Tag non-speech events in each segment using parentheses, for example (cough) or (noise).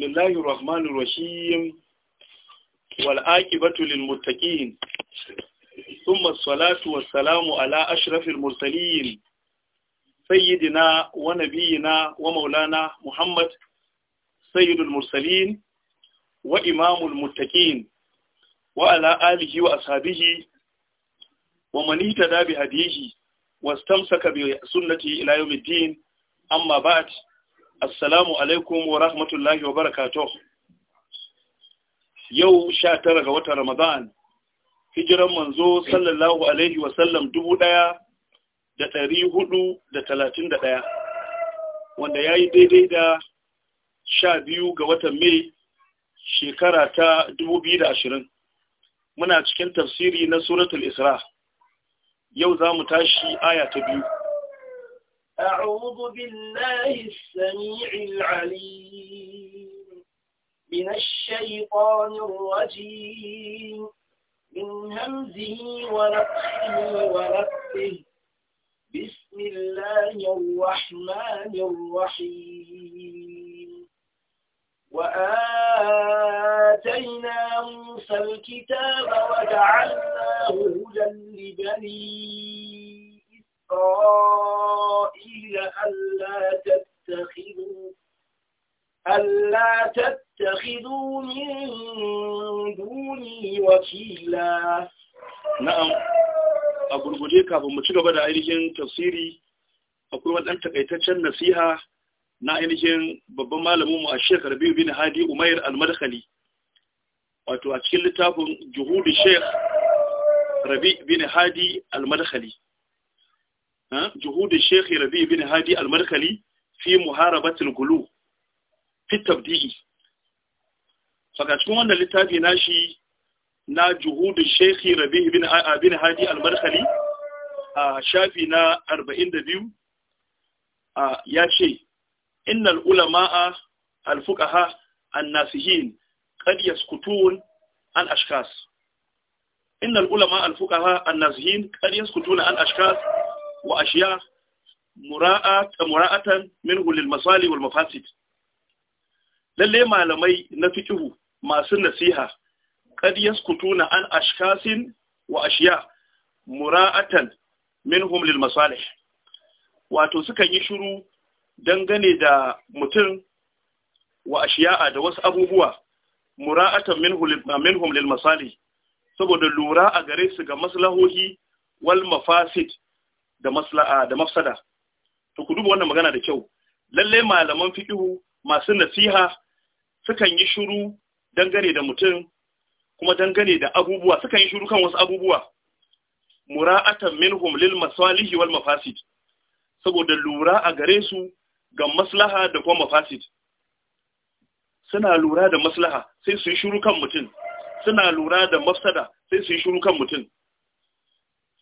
lillahi rahmanir rahim wal aqibatu lil muttaqin thumma salatu was salamu ala ashrafil mursalin sayyidina wa nabiyyina wa maulana muhammad sayyidul wa imamul muttaqin wa wa ashabihi wa wastamsaka bi sunnati amma ba'd assalamu alaikum wa rahmatullahi wa barakatuh yau sha tara ga watan ramadan hijiran manzo sallallahu alaihi wa sallam dubu ɗaya da ɗari hudu da talatin da ɗaya wanda ya yi daidai da sha biyu ga watan mai shekara ta dubu biyu da ashirin muna cikin tafsiri na suratul isra yau za mu tashi aya ta biyu أعوذ بالله السميع العليم من الشيطان الرجيم من همزه ونفسه ونفسه بسم الله الرحمن الرحيم وآتينا موسى الكتاب وجعلناه هدى لبنين إسرائيل ألا تتخذوا ألا تتخذوا من دوني وكيلا نعم a gurguje kafin mu ci gaba da ainihin tafsiri akwai wadan takaitaccen nasiha na ainihin babban malamin mu a Sheikh Rabiu bin Hadi Umair Al-Madkhali wato a cikin littafin Juhudi Sheikh Rabi bin Hadi Al-Madkhali juhudin Sheikh Rabi bin Hadi al-Markali fi muharabatil gulu fi tabdi'i wannan littafi nashi na juhudin Sheikh Rabi bin ah, bin Hadi al-Markali a shafi na ya ce innal ulama'a al-fuqaha an-nasihin qad yaskutun an ashkas ulama al an wa mura'atan منه للمصالح والمفاسد للي mafasid lalle malamai na ihu masu nasiha kad yaskutuna an ashkasin wa ashiya mura'atan minhum lil wato sukan yi shiru dangane da mutum wa ashiya'a da wasu abubuwa mura'atan minhum lil masali saboda lura a gare su ga maslahohi wal mafasid da maslaha da mafsada to ku duba wannan magana da kyau lalle malaman fiqhu masu nasiha sukan yi shiru dangane da mutum kuma dangane da abubuwa sukan yi shiru kan wasu abubuwa mura'atan minhum lil masalihi wal mafasid saboda lura a gare su ga maslaha da kuma mafasid suna lura da maslaha sai su yi shiru kan mutum suna lura da mafsada sai su yi shiru kan mutum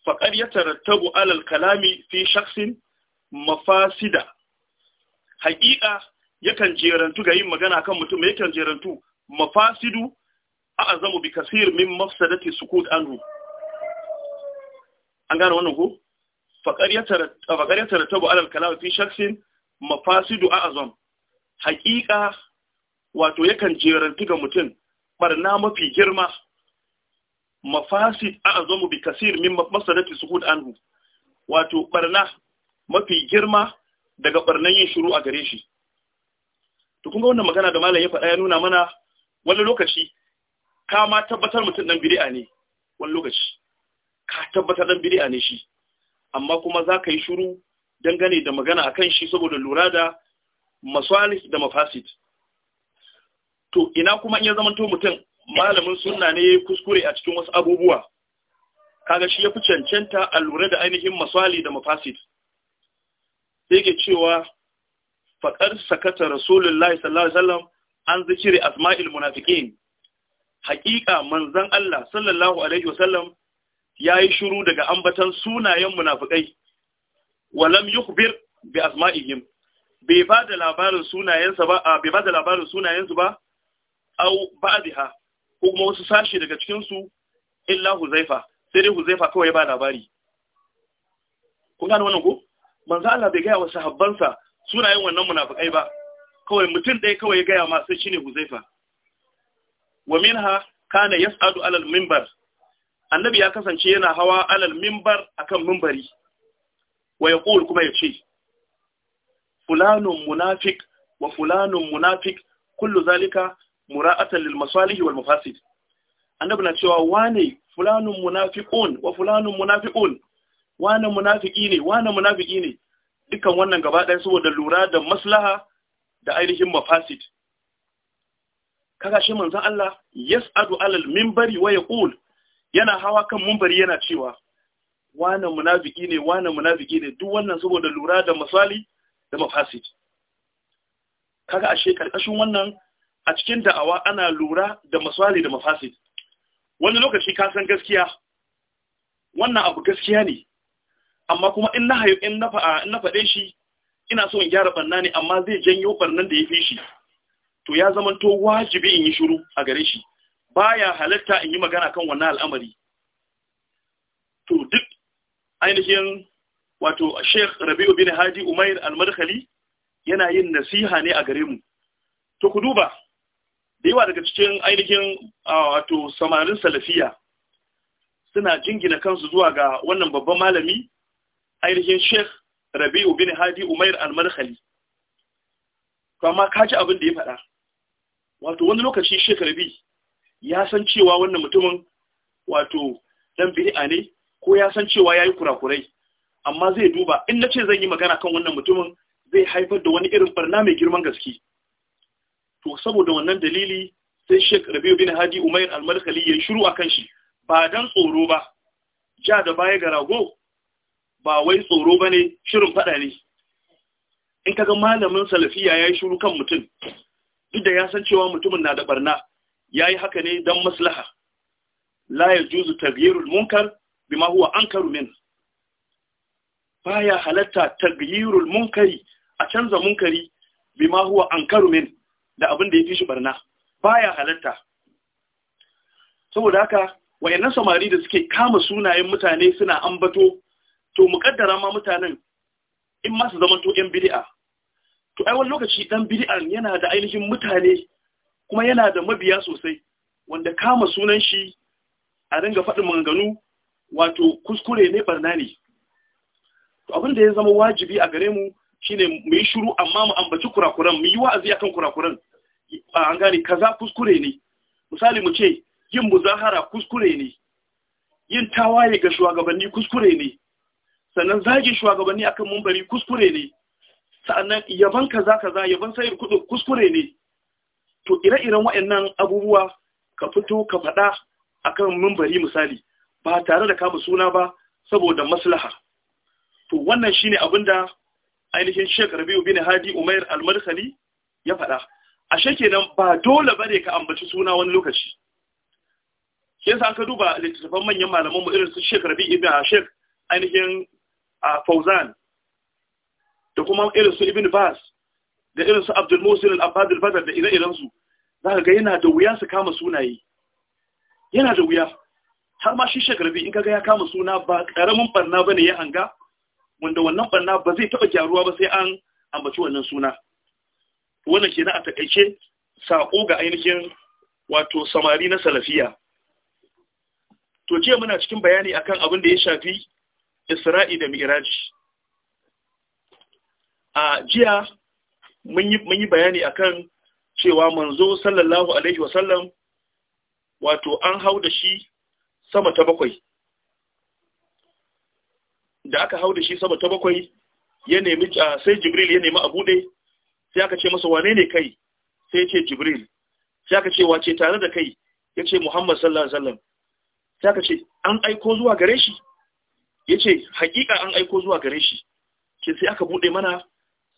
faƙar ya tarattabu alal kalami fi shaksin mafasida haƙiƙa yakan jerantu ga yin magana kan mutum yakan jerantu mafasidu a azamu bi kasir min mafsadati sukut anhu an gane wannan ko faƙar ya tarattabu alal kalami fi shaksin mafasidu a azam haƙiƙa wato yakan jerantu ga mutum barna mafi girma mafasid a'zamu bi kasir min masalati suhud anhu wato barna mafi girma daga barnan yin shiru a gare shi to kun ga wannan magana da malam ya faɗa ya nuna mana wani lokaci ka ma tabbatar mutum dan bid'a ne wani lokaci ka tabbatar dan bid'a ne shi amma kuma za ka yi shiru dangane da magana akan shi saboda lura da masalih da mafasid to ina kuma in ya zamanto mutum malamin sunna ne yi kuskure a cikin wasu abubuwa kaga shi ya fi cancanta a lura da ainihin masali da mafasid sai ke cewa faƙar sakata rasulullahi sallallahu alaihi wasallam an zikiri asma'il munafiqin haƙiƙa manzon Allah sallallahu alaihi wasallam yayi shiru daga ambatan sunayen munafikai walam yukhbir bi asma'ihim bai ba da labarin sunayensa ba bai ba da labarin sunayensu ba au ba'daha ko kuma wasu sashi daga cikinsu illa huzaifa sai dai huzaifa kawai ba labari kun gane wannan ko manzo Allah bai gaya wa sahabbansa sunayen wannan munafikai ba kawai mutum ɗaya kawai ya gaya ma sai shine huzaifa wa minha kana yas'adu alal minbar annabi ya kasance yana hawa alal minbar akan minbari wa yaqul kuma yace fulanun munafik wa fulanun munafik kullu zalika mura'atan lil masalih wal mafasid annabi na cewa wane fulanun munafiqun wa fulanun munafiqun wane munafiki ne wane munafiki ne dukan wannan gaba ɗaya saboda lura da maslaha da ainihin mafasid kaga shi manzon Allah yas'adu alal minbari wa yaqul yana hawa kan minbari yana cewa wane munafiki ne wane munafiki ne duk wannan saboda lura da masali da mafasid kaga ashe karkashin wannan a cikin da'awa ana lura da maswali da mafasid wani lokaci ka san gaskiya wannan abu gaskiya ne amma kuma in na in faɗe shi ina so in gyara barna ne amma zai janyo barnan da ya fi shi to ya zama to wajibi in yi shiru a gare shi baya halatta in yi magana kan wannan al'amari to duk ainihin wato Sheikh Rabi'u bin Hadi Umair Al-Madkhali yana yin nasiha ne a gare mu to ku duba da yawa daga cikin ainihin wato samarin salafiya suna jingina kansu zuwa ga wannan babban malami ainihin sheikh rabi'u bin hadi umair al-madkhali kuma ka ji abin da ya faɗa wato wani lokaci sheikh rabi ya san cewa wannan mutumin wato dan bid'a ne ko ya san cewa yayi kurakurai amma zai duba in nace zan yi magana kan wannan mutumin zai haifar da wani irin barna mai girman gaske to saboda wannan dalili sai Sheikh Rabi'u bin Hadi Umair Al-Malkali ya shiru akan shi ba dan tsoro ba ja da baya ga rago ba wai tsoro bane shirin fada ne in kaga malamin salafiya yayi shiru kan mutum duk da ya san cewa mutumin na da barna yayi haka ne dan maslaha la yajuzu taghyirul munkar bima huwa ankaru min baya halatta taghyirul munkari a canza munkari bima huwa ankaru min da abin da ya fi shi barna baya halatta saboda haka wayannan samari da suke kama sunayen mutane suna ambato to mukaddara ma mutanen in ma su zamanto yan bid'a to ai wani lokaci ɗan bid'an yana da ainihin mutane kuma yana da mabiya sosai wanda kama sunan shi a ringa faɗin maganganu wato kuskure ne barna ne to abin da ya zama wajibi a gare mu shine mu yi shiru amma mu ambaci kurakuran mu yi wa'azi akan kurakuran an gane kaza kuskure ne misali mu ce yin muzahara kuskure ne yin tawaye ga shugabanni kuskure ne sannan zage shugabanni akan mumbari kuskure ne Sannan yaban kaza kaza yaban sayar kudu kuskure ne to ire-iren waɗannan abubuwa ka fito ka faɗa akan mumbari misali ba tare da kama suna ba saboda maslaha to wannan shine abinda ainihin Sheikh Rabi'u bin Hadi Umair Al-Madkhali ya faɗa ashe kenan ba dole bare ka ambaci suna wani lokaci shi yasa aka duba littattafan manyan malaman mu irin su Sheikh Rabi'u ibn ah, Sheikh ainihin ah, Fauzan da kuma irin su Ibn Bas da irin su Abdul Musin Al-Abbad Al-Badr da ire-iren su zaka ga yana da wuya su kama sunaye yana da wuya har ma shi Sheikh Rabi'u in kaga ya kama suna ba karamin barna bane ya hanga wanda wannan banna ba zai taɓa gyaruwa ba sai an ambaci wannan suna wannan kenan a takaice saƙo ga ainihin wato samari na salafiya to jiya muna cikin bayani akan abin da ya shafi isra'i da mi'raji a jiya mun yi bayani akan cewa manzo sallallahu alaihi wasallam wato an hau da shi sama ta bakwai da aka hau da shi saba ta bakwai ya nemi sai jibril ya nemi a buɗe sai aka ce masa wane ne kai sai ce jibril sai aka ce wace tare da kai ya ce muhammad sallallahu alaihi wasallam sai aka ce an aiko zuwa gare shi ya ce hakika an aiko zuwa gare shi ce sai aka buɗe mana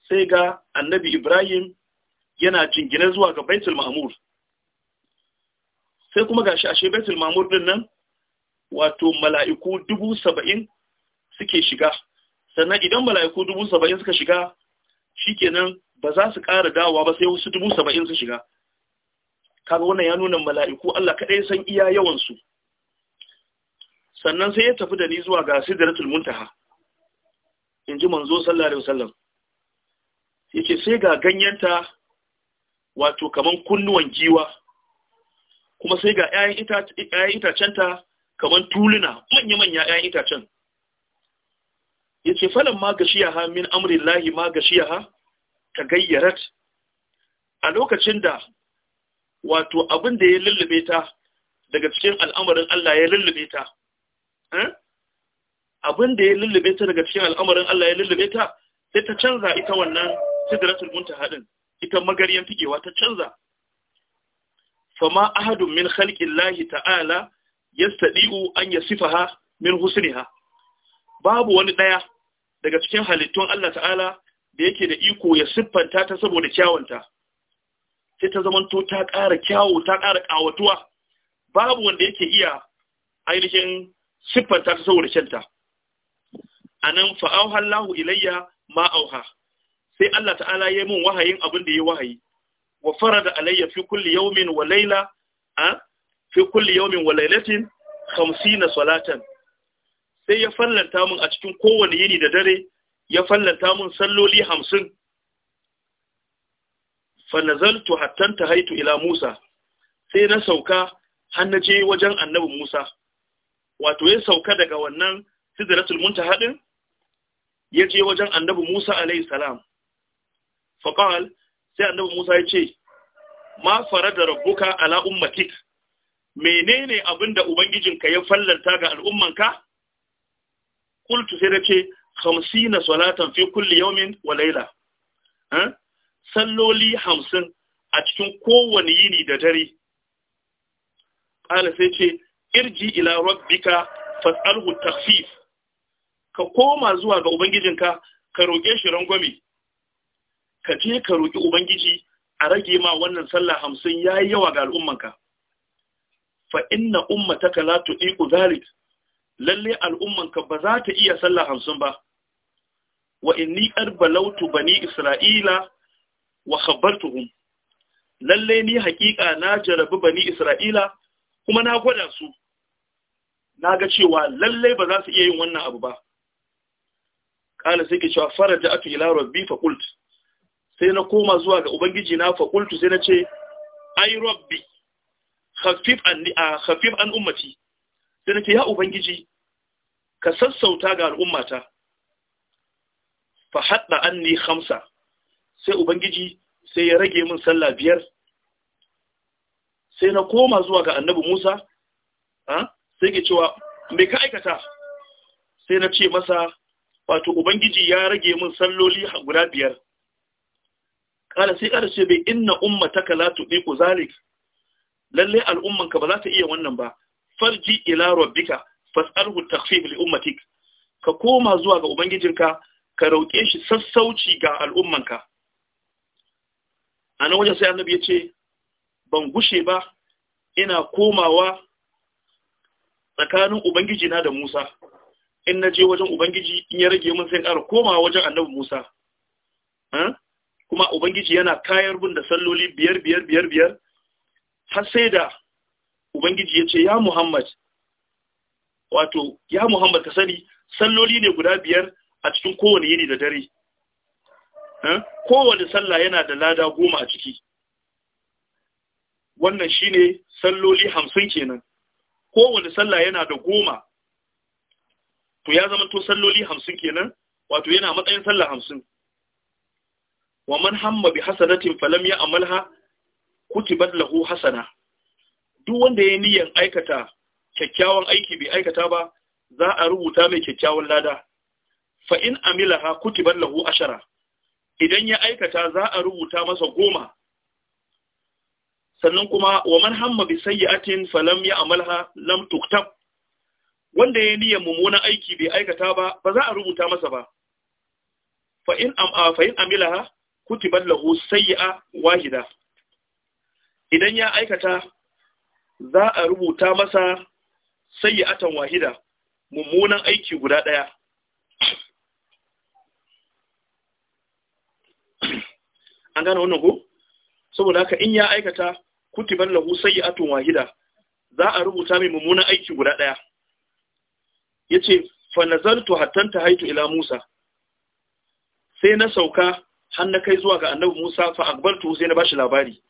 sai ga annabi ibrahim yana jingine zuwa ga baitul mahmur sai kuma gashi ashe baitul mahmur din nan wato mala'iku dubu saba'in suke shiga sannan idan mala'iku dubu saba'in suka shiga shi kenan ba za su ƙara dawowa ba sai wasu dubu saba'in su shiga kaga wannan ya nuna mala'iku Allah kaɗai san iya yawansu sannan sai ya tafi da ni zuwa ga sidratul muntaha in ji manzo sallallahu alaihi wasallam ce sai ga ganyenta wato kaman kunnuwan giwa kuma sai ga 'ya'yan itacenta kaman tuluna manya-manya 'ya'yan itacen ya ce falon ma gashiyaha min amurin lahi ma gashiyaha ta gayyarat a lokacin da wato abin da ya lullube ta daga cikin al'amarin Allah ya lullube ta eh? abin da ya lullube ta daga cikin al'amarin Allah ya lullube ta sai ta canza ita wannan sidratul muntaha din ita magaryan fikewa ta canza fama ahadun min khalqillahi ta'ala yastadi'u an yasifaha min husniha babu wani daya daga cikin halittun Allah ta'ala da yake da iko ya siffanta ta saboda kyawunta sai ta zamanto ta ƙara kyawu ta ƙara ƙawatuwa babu wanda yake iya ainihin siffanta ta saboda kyanta a nan fa'auhallahu ilayya auha sai Allah ta'ala ya min wahayin abin da ya wahayi wa farada alayya fi kulli yawmin wa layla a fi kulli yawmin wa laylatin 50 salatan sai ya fallanta mun a cikin kowane yini da dare ya fallanta mun salloli hamsin fanazaltu hattan haitu ila Musa sai na sauka har je wajen annabi Musa wato ya sauka daga wannan sidratul muntaha din ya je wajen annabi Musa alayhi salam faqal sai annabi Musa ya ce ma farada rabbuka ala ummatik menene abinda ubangijinka ya fallanta ga al'ummanka qultu sai nace 50 salatan fi kulli yawmin wa layla salloli 50 a cikin kowane yini da dare qala sai ce irji ila rabbika fas'alhu takhfif ka koma zuwa ga ubangijinka ka roƙe shi rangwame ka je ka roƙi ubangiji a rage ma wannan sallah hamsin ya yi yawa ga al'ummanka fa inna ummataka la tu'iqu zalik lalle al'ummanka ba za ta iya sallah hamsin ba wa inni qad balautu bani isra'ila wa khabartuhum lalle ni haƙiƙa na jarabi bani isra'ila kuma na gwada su na ga cewa lalle ba za su iya yin wannan abu ba kala sai ke cewa faraja atu ila rabbi fa qult sai na koma zuwa ga ubangiji na fa sai na ce ai rabbi hafif khafif an ummati sai nake ya ubangiji ka sassauta ga al'ummata fa hadda anni khamsa sai ubangiji sai ya rage min sallah biyar sai na koma zuwa ga annabi Musa sai ke cewa me ka aikata sai na ce masa wato ubangiji ya rage min salloli guda biyar kala sai kada ce bai inna ummataka la tudiku zalik lalle al'ummanka ba za ta iya wannan ba farji ila rabbika fas'alhu takhfif li ummatik ka koma zuwa ga ubangijinka ka rauke shi sassauci ga al'ummanka a nan wajen sai annabi ya ce ban gushe ba ina komawa tsakanin ubangiji na da Musa in na je wajen ubangiji in ya rage mun sai ƙara koma wajen annabi Musa kuma ubangiji yana kayar bin da salloli biyar biyar biyar biyar har sai da ubangiji ya ce ya muhammad wato ya muhammad ka sani salloli ne guda biyar a cikin kowane yini da dare eh? kowane sallah yana da lada goma a ciki wannan shi ne salloli hamsin kenan kowane sallah yana da goma to ya zama to salloli hamsin kenan wato yana matsayin salla hamsin wa man hamma bi hasanatin falam ya amalha bad lahu hasana duk wanda ya niyyar aikata kyakkyawan aiki bai aikata ba za a rubuta mai kyakkyawan lada fa in amilaha kutiban lahu ashara idan ya aikata za a rubuta masa goma sannan kuma wa man hamma bi sayyi'atin lam ya'malha lam tuktab wanda ya niyyar mummunan aiki bai aikata ba ba za a rubuta masa ba fa in am fa in amilaha kutiban lahu sayyi'a wahida idan ya aikata za a rubuta masa sayyatan wahida mummunan aiki guda ɗaya (clears throat) an gane wannan ko saboda haka in ya aikata kutiban lahu sayyatun wahida za a rubuta mai mummunan aiki guda ɗaya yace fa nazartu ta tahaitu ila Musa sai na sauka har na kai zuwa ga annabu Musa fa akbartu sai na bashi labari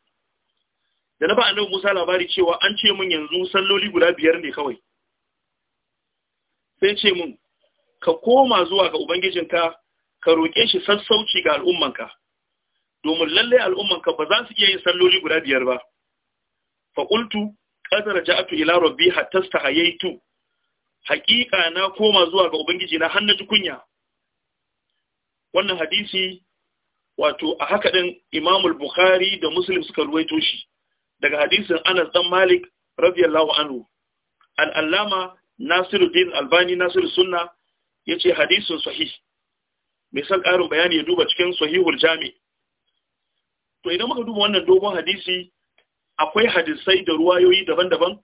da na ba annabi Musa labari cewa an ce mun yanzu salloli guda biyar ne kawai sai ce mun ka koma zuwa ga ubangijinka ka roƙe shi sassauci ga al'ummanka domin lalle al'ummanka ba za su iya yin salloli guda biyar ba fa qultu qadara ja'tu ila rabbi hatta stahayaitu haƙiƙa na koma zuwa ga ubangiji na har wannan hadisi wato a haka din Imam bukhari da Muslim suka ruwaito shi daga hadisin Anas dan Malik radiyallahu anhu al-allama Nasiruddin Albani Nasir Sunna yace hadisin sahih mai san ƙarin bayani ya duba cikin sahihul jami to idan muka duba wannan dogon hadisi akwai hadisai da ruwayoyi daban-daban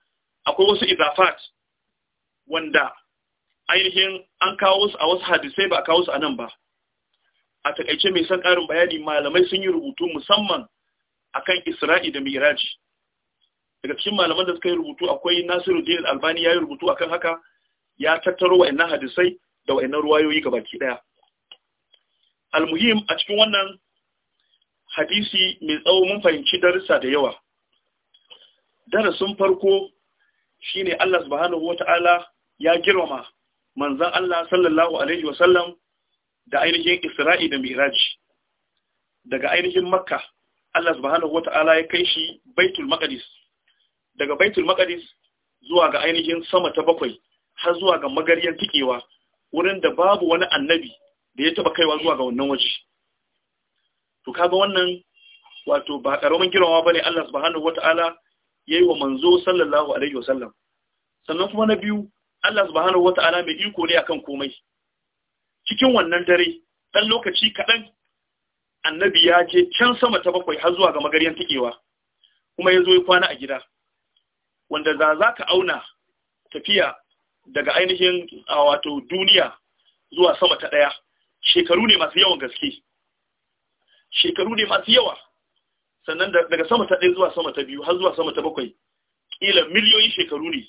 akwai wasu idafat wanda ainihin an kawo su a wasu hadisai ba a kawo su a nan ba a takaice mai san ƙarin bayani malamai sun yi rubutu musamman akan isra'i da miraji daga cikin malaman da suka yi rubutu akwai Nasiru Nasiruddin Albani ya yi rubutu akan haka ya tattaro wa'annan hadisai da wa'annan ruwayoyi gabaki daya almuhim a cikin wannan hadisi mai tsawo mun fahimci darussa da yawa darasin farko shine Allah subhanahu wataala ya girmama manzon Allah sallallahu alaihi wasallam da ainihin Isra'i da Miraj daga ainihin Makka Allah subhanahu wataala ya kai shi Baitul Maqdis daga baitul maqdis zuwa ga ainihin sama ta bakwai har zuwa ga magariyan tikewa wurin da babu wani annabi da ya taba kaiwa zuwa ga wannan waje to kaga wannan wato ba karamin girma bane Allah subhanahu wataala yayi wa manzo sallallahu alaihi wasallam sannan kuma na biyu Allah subhanahu wataala mai iko ne akan komai cikin wannan dare dan lokaci kaɗan. annabi ya je can sama ta bakwai har zuwa ga magariyan tikewa kuma ya zo ya kwana a gida wanda za za ka auna tafiya daga ainihin a wato duniya zuwa sama ta ɗaya shekaru ne masu yawan gaske shekaru ne masu yawa sannan daga sama ta ɗaya zuwa sama ta biyu har zuwa sama ta bakwai ƙila miliyoyin shekaru ne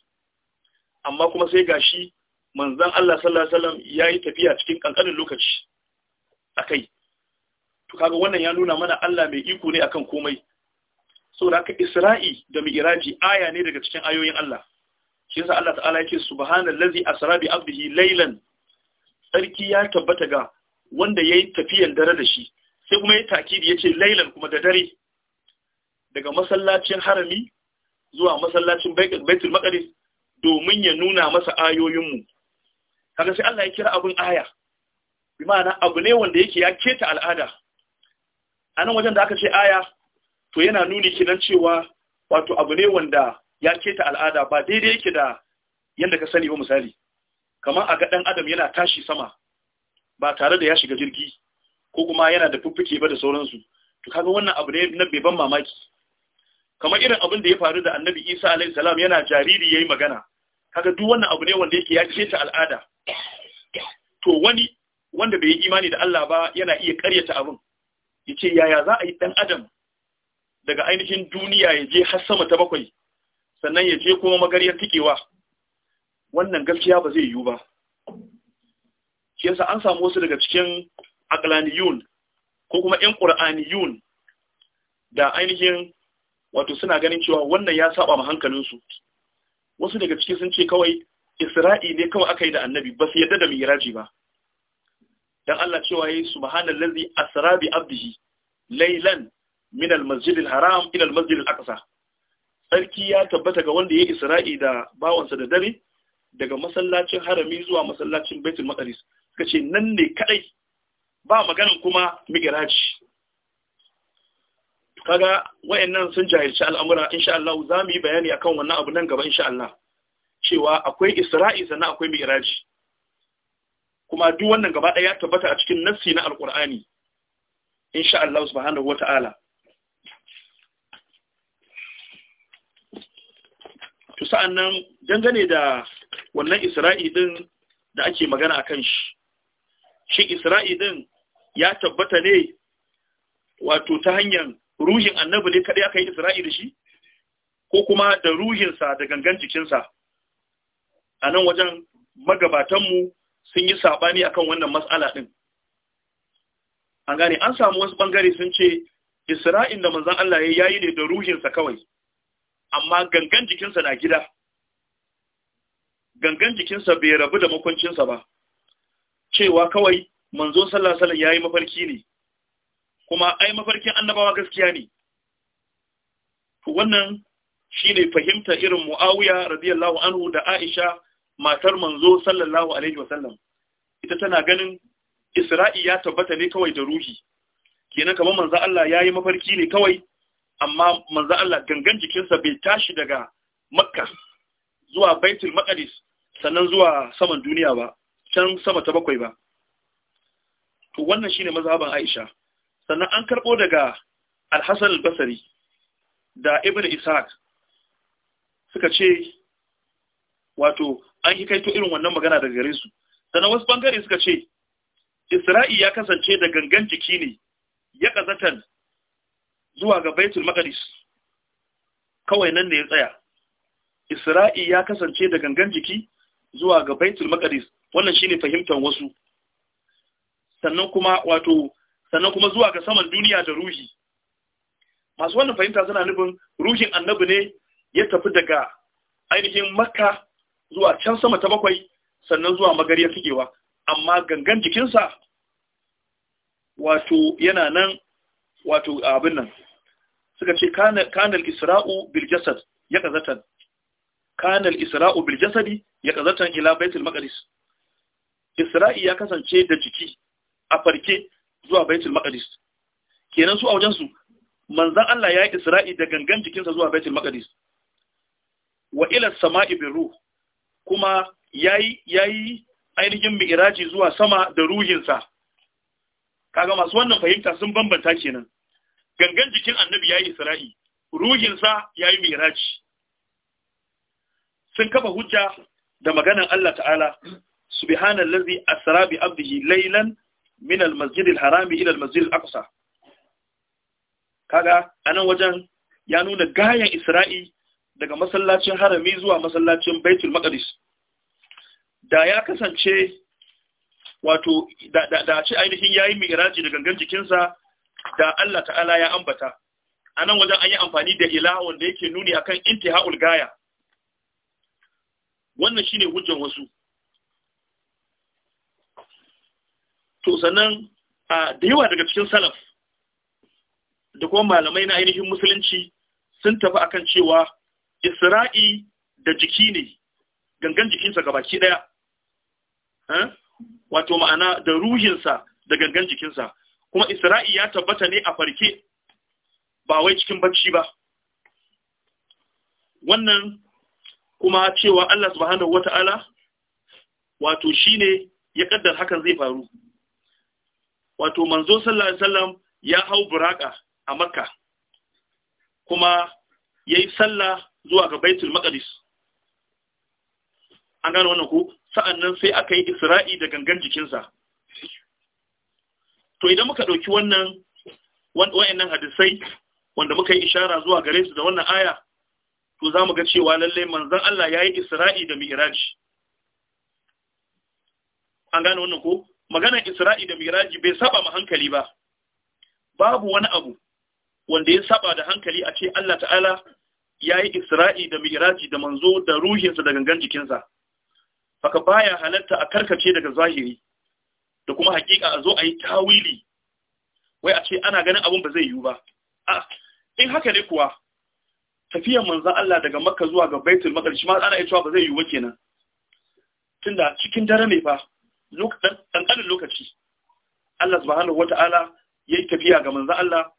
amma kuma sai gashi manzan Allah sallallahu alaihi wasallam yayi tafiya cikin kankanin lokaci akai to kaga wannan ya nuna mana Allah mai iko ne akan komai saboda haka isra'i da mi'raji aya ne daga cikin ayoyin Allah shi yasa Allah ta'ala yake subhanallazi asra bi abdihi laylan sarki ya tabbata ga wanda yayi tafiyan dare da shi sai kuma ya takidi yace laylan kuma da dare daga masallacin harami zuwa masallacin baitul maqdis domin ya nuna masa ayoyin mu kaga sai Allah ya kira abun aya bi ma'ana abu ne wanda yake ya keta al'ada anan wajen da aka ce aya to yana nuni kinan cewa wato abu ne wanda ya keta al'ada ba daidai yake da yadda ka sani ba misali kamar a ga adam yana tashi sama ba tare da ya shiga jirgi ko kuma yana da fuffuke ba da sauransu to kaga wannan abu ne na beban mamaki kamar irin abin da ya faru da annabi isa alayhi salam yana jariri yayi magana kaga duk wannan abu ne wanda yake ya keta al'ada to wani wanda bai yi imani da Allah ba yana iya karyata abin yace yaya za a yi dan adam daga ainihin duniya ya je har sama ta bakwai sannan ya je kuma magariyar tikewa wannan gaskiya ba zai yiwu ba shi yasa an samu wasu daga cikin aqlaniyun ko kuma ƴan qur'aniyun da ainihin wato suna ganin cewa wannan ya saba ma hankalinsu wasu daga ciki sun ce kawai isra'i ne kawai aka yi da annabi ba su yadda da miraji ba dan Allah cewa yayi subhanallazi asra bi abdihi laylan min al-masjid al-haram ila al-masjid al sarki ya tabbata ga wanda ya isra'i da bawansa da dare daga masallacin harami zuwa masallacin baitul maqdis suka ce nan ne kadai ba magana kuma migraji kaga wayannan sun jahilci al'amura insha Allah za mu yi bayani akan wannan abu nan gaba insha Allah cewa akwai isra'i sannan akwai migraji kuma duk wannan gaba ɗaya tabbata a cikin nassi na alqur'ani insha Allah subhanahu wata'ala to sa'an nan dangane da wannan isra'i ɗin da ake magana a kan shi shi isra'i ɗin ya tabbata ne wato ta hanyar ruhin annabi ne kaɗai aka yi isra'i da shi ko kuma da ruhinsa da gangan jikinsa a nan wajen magabatanmu sun yi saɓani akan wannan mas'ala ɗin an gane an samu wasu bangare sun ce isra'in da manzan Allah ya yi ne da ruhinsa kawai amma gangan jikinsa na gida gangan jikinsa bai rabu da makwancinsa ba cewa kawai manzo sallallahu alaihi yayi mafarki ne kuma ai mafarkin annabawa gaskiya ne to wannan shine fahimta irin Muawiya radiyallahu anhu da Aisha matar manzo sallallahu alaihi wasallam ita tana ganin Isra'i ya tabbata ne kawai da ruhi kenan kamar manzo Allah yayi mafarki ne kawai amma manzo Allah gangan jikinsa bai tashi daga makka zuwa baitul maqdis sannan zuwa saman duniya ba can sama ta bakwai ba to wannan shine mazhaban Aisha sannan an karbo daga Al-Hasan al-Basri da Ibn Ishaq suka ce wato an yi kaito irin wannan magana daga gare su sannan wasu bangare suka ce Isra'i ya kasance da gangan jiki ne ya kazatan zuwa ga baitul maqdis kawai nan ne ya tsaya isra'i ya kasance da gangan jiki zuwa ga baitul maqdis wannan shine fahimtar wasu sannan kuma wato sannan kuma zuwa ga saman duniya da ruhi masu wannan fahimta suna nufin ruhin annabi ne ya tafi daga ainihin makka zuwa can sama ta bakwai sannan zuwa magariyar fikewa amma gangan jikinsa wato yana nan wato abin nan suka ce kanal isra'u bil jasad ya kazatan kanal isra'u bil jasadi ya kazatan ila baitul maqdis isra'i ya kasance da jiki a farke zuwa baitul maqdis kenan su a wajen su manzon Allah ya yi isra'i da gangan jikinsa zuwa baitul maqdis wa ila sama'i bil ruh kuma yayi yayi ainihin mi'raji zuwa sama da ruhinsa kaga masu wannan fahimta sun bambanta kenan gangan jikin annabi yayi isra'i ruhinsa yayi miraji sun kafa hujja da maganar Allah ta'ala subhanallazi asra bi abdihi laylan min al-masjid harami ila al-masjid kaga anan wajen ya nuna gayan isra'i daga masallacin harami zuwa masallacin baitul maqdis da ya kasance wato da ce ainihin ya yi mi'iraji da gangan jikinsa da Allah ta'ala ya ambata a nan wajen an yi amfani da ilaha wanda yake nuni akan ha'ul gaya wannan shi ne hujjan wasu to sannan da yawa daga cikin salaf da kuma malamai na ainihin musulunci sun tafi akan cewa isra'i da jiki ne gangan jikinsa gabaki ɗaya? wato ma'ana da ruhinsa da gangan jikinsa kuma isra'i ya tabbata ne a farke ba wai cikin bacci ba wannan kuma cewa Allah subhanahu wata'ala wato ne ya kaddar hakan zai faru wato manzo sallallahu alaihi wasallam ya hau buraka a makka kuma yayi sallah zuwa ga baitul maqdis an gano wannan ku sa'annan sai aka yi isra'i da gangan jikinsa to idan muka ɗauki wannan wa'annan hadisai wanda muka yi ishara zuwa gare su da wannan aya to za mu ga cewa lallai manzan Allah ya yi isra'i da miraji an gane wannan ko maganar isra'i da miraji bai saba ma hankali ba babu wani abu wanda ya saba da hankali a ce Allah ta'ala ya yi isra'i da miraji da manzo da ruhinsa da gangan jikinsa Baka baya halatta a karkace daga zahiri da kuma hakika a zo a yi tawili wai a ce ana ganin abun ba zai yiwu ba a in haka ne kuwa tafiyar manzan Allah daga makka zuwa ga baitul maqdis ma ana cewa ba zai yiwu kenan tunda cikin dare ne fa lokacin lokaci Allah subhanahu wataala yayi tafiya ga manzan Allah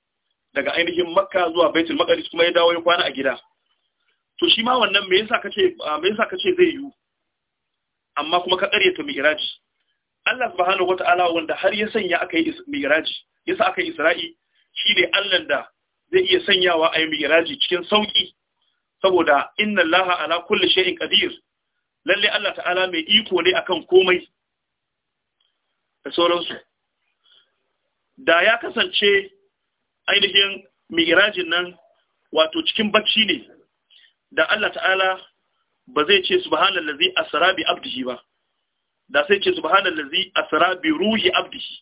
daga ainihin makka zuwa baitul maqdis kuma ya dawo ya kwana a gida to shi ma wannan me yasa kace me yasa kace zai yiwu amma kuma ka karyata mi'raji Allah subhanahu wata'ala wanda har ya sanya aka yi yasa aka yi Isra'i ne Allah da zai iya sanyawa a yi cikin sauki saboda inna Allah ala kulli shay'in qadir lalle Allah ta'ala mai iko ne akan komai da sauransu da ya kasance ainihin mi'rajin nan wato cikin bacci ne da Allah ta'ala ba zai ce subhanallazi asra bi abdihi ba da sai ce subhanallazi asra bi ruhi abdihi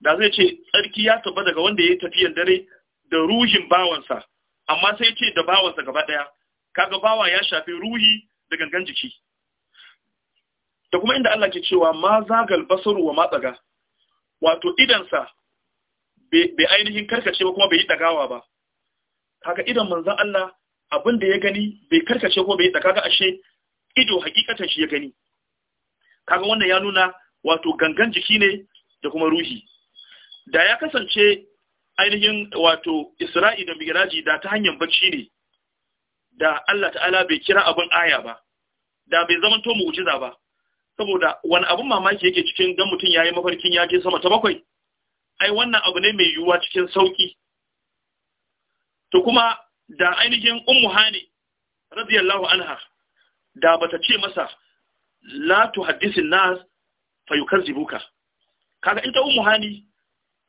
da zai ce tsarki ya tabba daga wanda yayi tafiyar dare da ruhin bawansa amma sai ce da bawansa gaba daya kaga bawa ya shafi ruhi da gangan jiki da kuma inda Allah ke cewa ma zagal basaru wa matsaga wato sa bai ainihin karkace ba kuma bai yi dagawa ba kaga idan manzon Allah abin da ya gani bai karkace ko bai tsaka ga ashe ido hakikatan shi ya gani kaga wannan ya nuna wato gangan jiki ne da kuma ruhi da ya kasance ainihin wato isra'i da miraji da ta hanyar bacci ne da Allah ta'ala bai kira abin aya ba da bai zama to mu'jiza ba saboda wani abin mamaki yake cikin dan mutum yayi mafarkin ya je sama ta bakwai ai wannan abu ne mai yiwuwa cikin sauki to kuma da ainihin ummu hani radiyallahu anha da bata ce masa la hadisin nas fa yukazibuka kaga ita ummu hani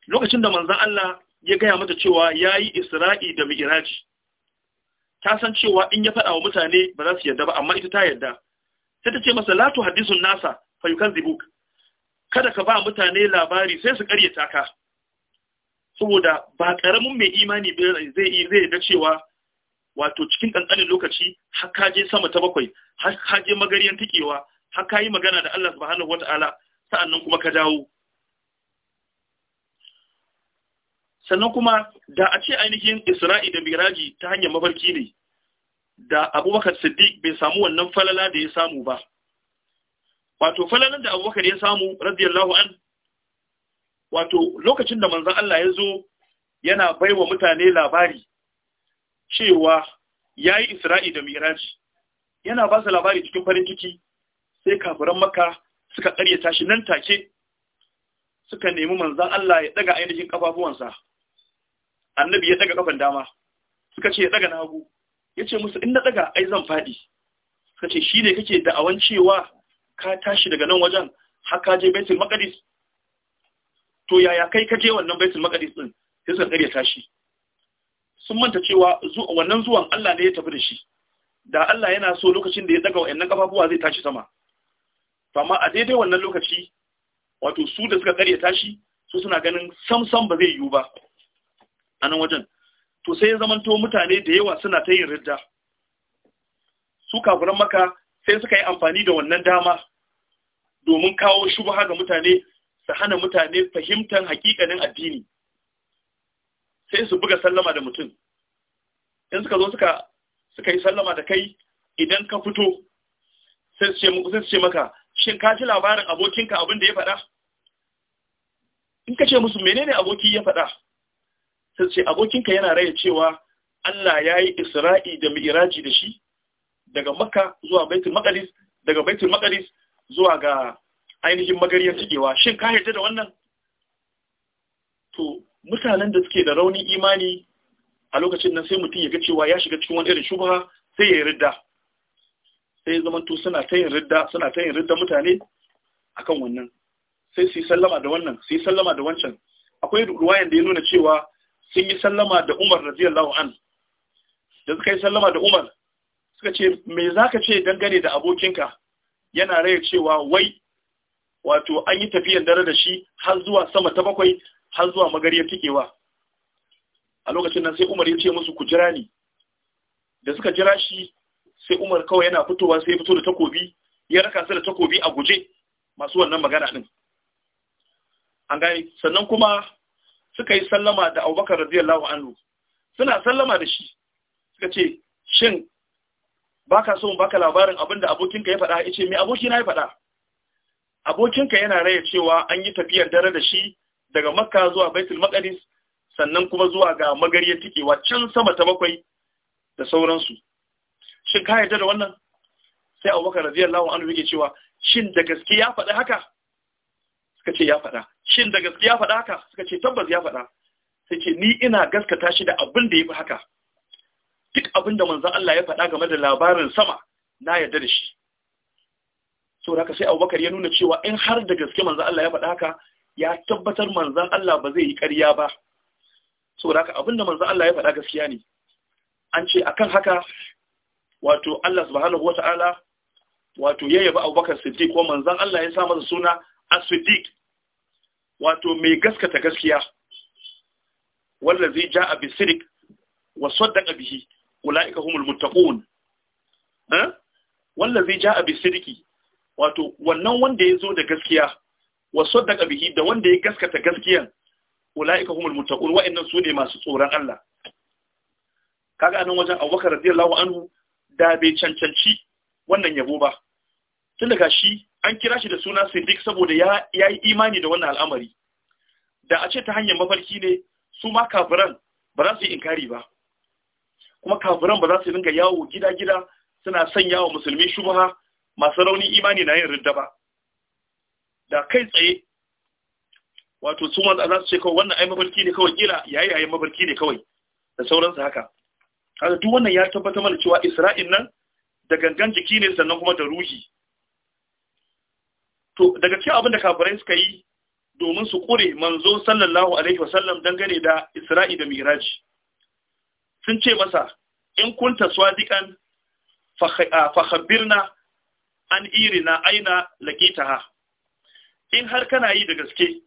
lokacin da manzon Allah ya gaya mata cewa yayi isra'i da mi'raj ta san cewa in ya faɗa wa mutane ba za su yarda ba amma ita ta yarda sai ta ce masa la tuhaddisun nasa fa yukazibuka kada ka ba mutane labari sai su karyata ka saboda ba karamin mai imani zai zai da cewa wato cikin kankanin lokaci har ka je sama ta bakwai har ka je magariyan tikewa har ka yi magana da Allah subhanahu wata'ala sa'annan kuma ka dawo sannan kuma da a ce ainihin Isra'i da Miraji ta hanyar mafarki ne da Abubakar Siddiq bai samu wannan falala da ya samu ba wato falalan da Abubakar ya samu radiyallahu an wato lokacin da manzan Allah ya zo yana baiwa mutane labari cewa ya yi isra'i da miraji yana ba su labari cikin farin ciki sai kafiran maka suka karyata tashi nan take suka nemi manzan Allah ya daga ainihin kafafuwansa annabi ya daga kafan dama suka ce ya daga nagu ya ce musu in na daga ai zan faɗi suka ce shi ne kake da'awan cewa ka tashi daga nan wajen haka je baitul maqdis to yaya kai ka je wannan baitul maqdis din sai suka kare tashi sun manta cewa wannan zuwan Allah ne ya tafi da shi da Allah yana so lokacin da ya daga wayannan kafafuwa zai tashi sama to amma a daidai wannan lokaci wato su da suka kare tashi su suna ganin samsam ba zai yiwu ba a nan wajen to sai ya zamanto mutane da yawa suna ta yin ridda su kafuran maka sai suka yi amfani da wannan dama domin kawo shubha ga mutane su hana mutane fahimtar hakikanin addini sai su buga sallama da mutum in suka zo suka suka yi sallama da kai idan ka fito sai su ce maka shin ka ji labarin abokinka abin da ya faɗa in ka ce musu menene aboki ya faɗa sai su ce abokinka yana raya cewa Allah ya yi Isra'i da Mi'iraji da shi daga Makka zuwa Baitul Maqdis daga Baitul Maqdis zuwa ga ainihin magariyar cikewa shin ka yarda da wannan to mutanen da suke da raunin imani a lokacin nan sai mutum ya ga cewa ya shiga cikin wani irin shubha sai ya yi ridda sai zaman to suna ta yin ridda suna ta yin ridda mutane akan wannan sai su yi sallama da wannan su yi sallama da wancan akwai ruwayan da ya nuna cewa sun yi sallama da Umar radiyallahu an da suka yi sallama da Umar suka ce me zaka ce dangane da abokinka yana raya cewa wai wato an yi tafiyan dare da shi har zuwa sama ta bakwai har zuwa magariyar tikewa a lokacin nan sai umar ya ce musu ku jira ni da suka jira shi sai umar kawai yana fitowa sai ya fito da takobi ya raka su da takobi a guje masu wannan magana din an gani, sannan kuma suka yi sallama da abubakar radiyallahu anhu suna sallama da shi suka ce shin baka so baka labarin abinda abokinka ya faɗa ya ce me abokina ya faɗa abokinka yana raya cewa an yi tafiyar dare da shi daga makka zuwa baitul maqdis sannan kuma zuwa ga magariyar tikewa can sama ta bakwai da sauransu shin ka yarda da wannan sai abubakar radiyallahu anhu yake cewa shin da gaske ya faɗi haka suka ce ya faɗa shin da gaske ya faɗa haka suka ce tabbas ya faɗa sai ce ni ina gaskata shi da abin da ya fi haka duk abin da manzon Allah ya faɗa game da labarin sama na yarda da shi saboda haka sai abubakar ya nuna cewa in har da gaske manzan Allah ya faɗa haka ya tabbatar manzan Allah ba zai yi ƙarya ba saboda haka abinda manzan Allah ya faɗa gaskiya ne an ce akan haka wato Allah subhanahu wata'ala wato ya yaba abubakar siddiq ko manzan Allah ya sa masa suna as-siddiq wato mai gaskata gaskiya wallazi ja'a bisirik wa saddaqa bihi ulaika humul muttaqun eh wallazi ja'a bisirki wato wannan wanda ya zo da gaskiya wa saddaka bihi da wanda ya gaskata gaskiyan ulaika humul muttaqun wa'annan su ne masu tsoron Allah kaga anan wajen Abubakar radiyallahu anhu da bai cancanci wannan yabo ba tun daga shi an kira shi da suna Siddiq saboda ya yayi imani da wannan al'amari da a ce ta hanyar mafarki ne su ma kafiran ba za su yi inkari ba kuma kafiran ba za su dinga yawo gida-gida suna sanya wa musulmi shubha masu rauni imani na yin ridda ba da kai tsaye wato su wanda za su ce kawai wannan ai mafarki ne kawai kila yayi yayin mafarki ne kawai da sauransu haka haka duk wannan ya tabbatar mana cewa isra'il nan da gangan jiki ne sannan kuma da ruhi to daga cikin abin da kafirai suka yi domin su kure manzo sallallahu alaihi wasallam dangane da isra'i da miraji sun ce masa in kunta swadiqan fa khabirna an iri na aina laƙitaha in har kana yi da gaske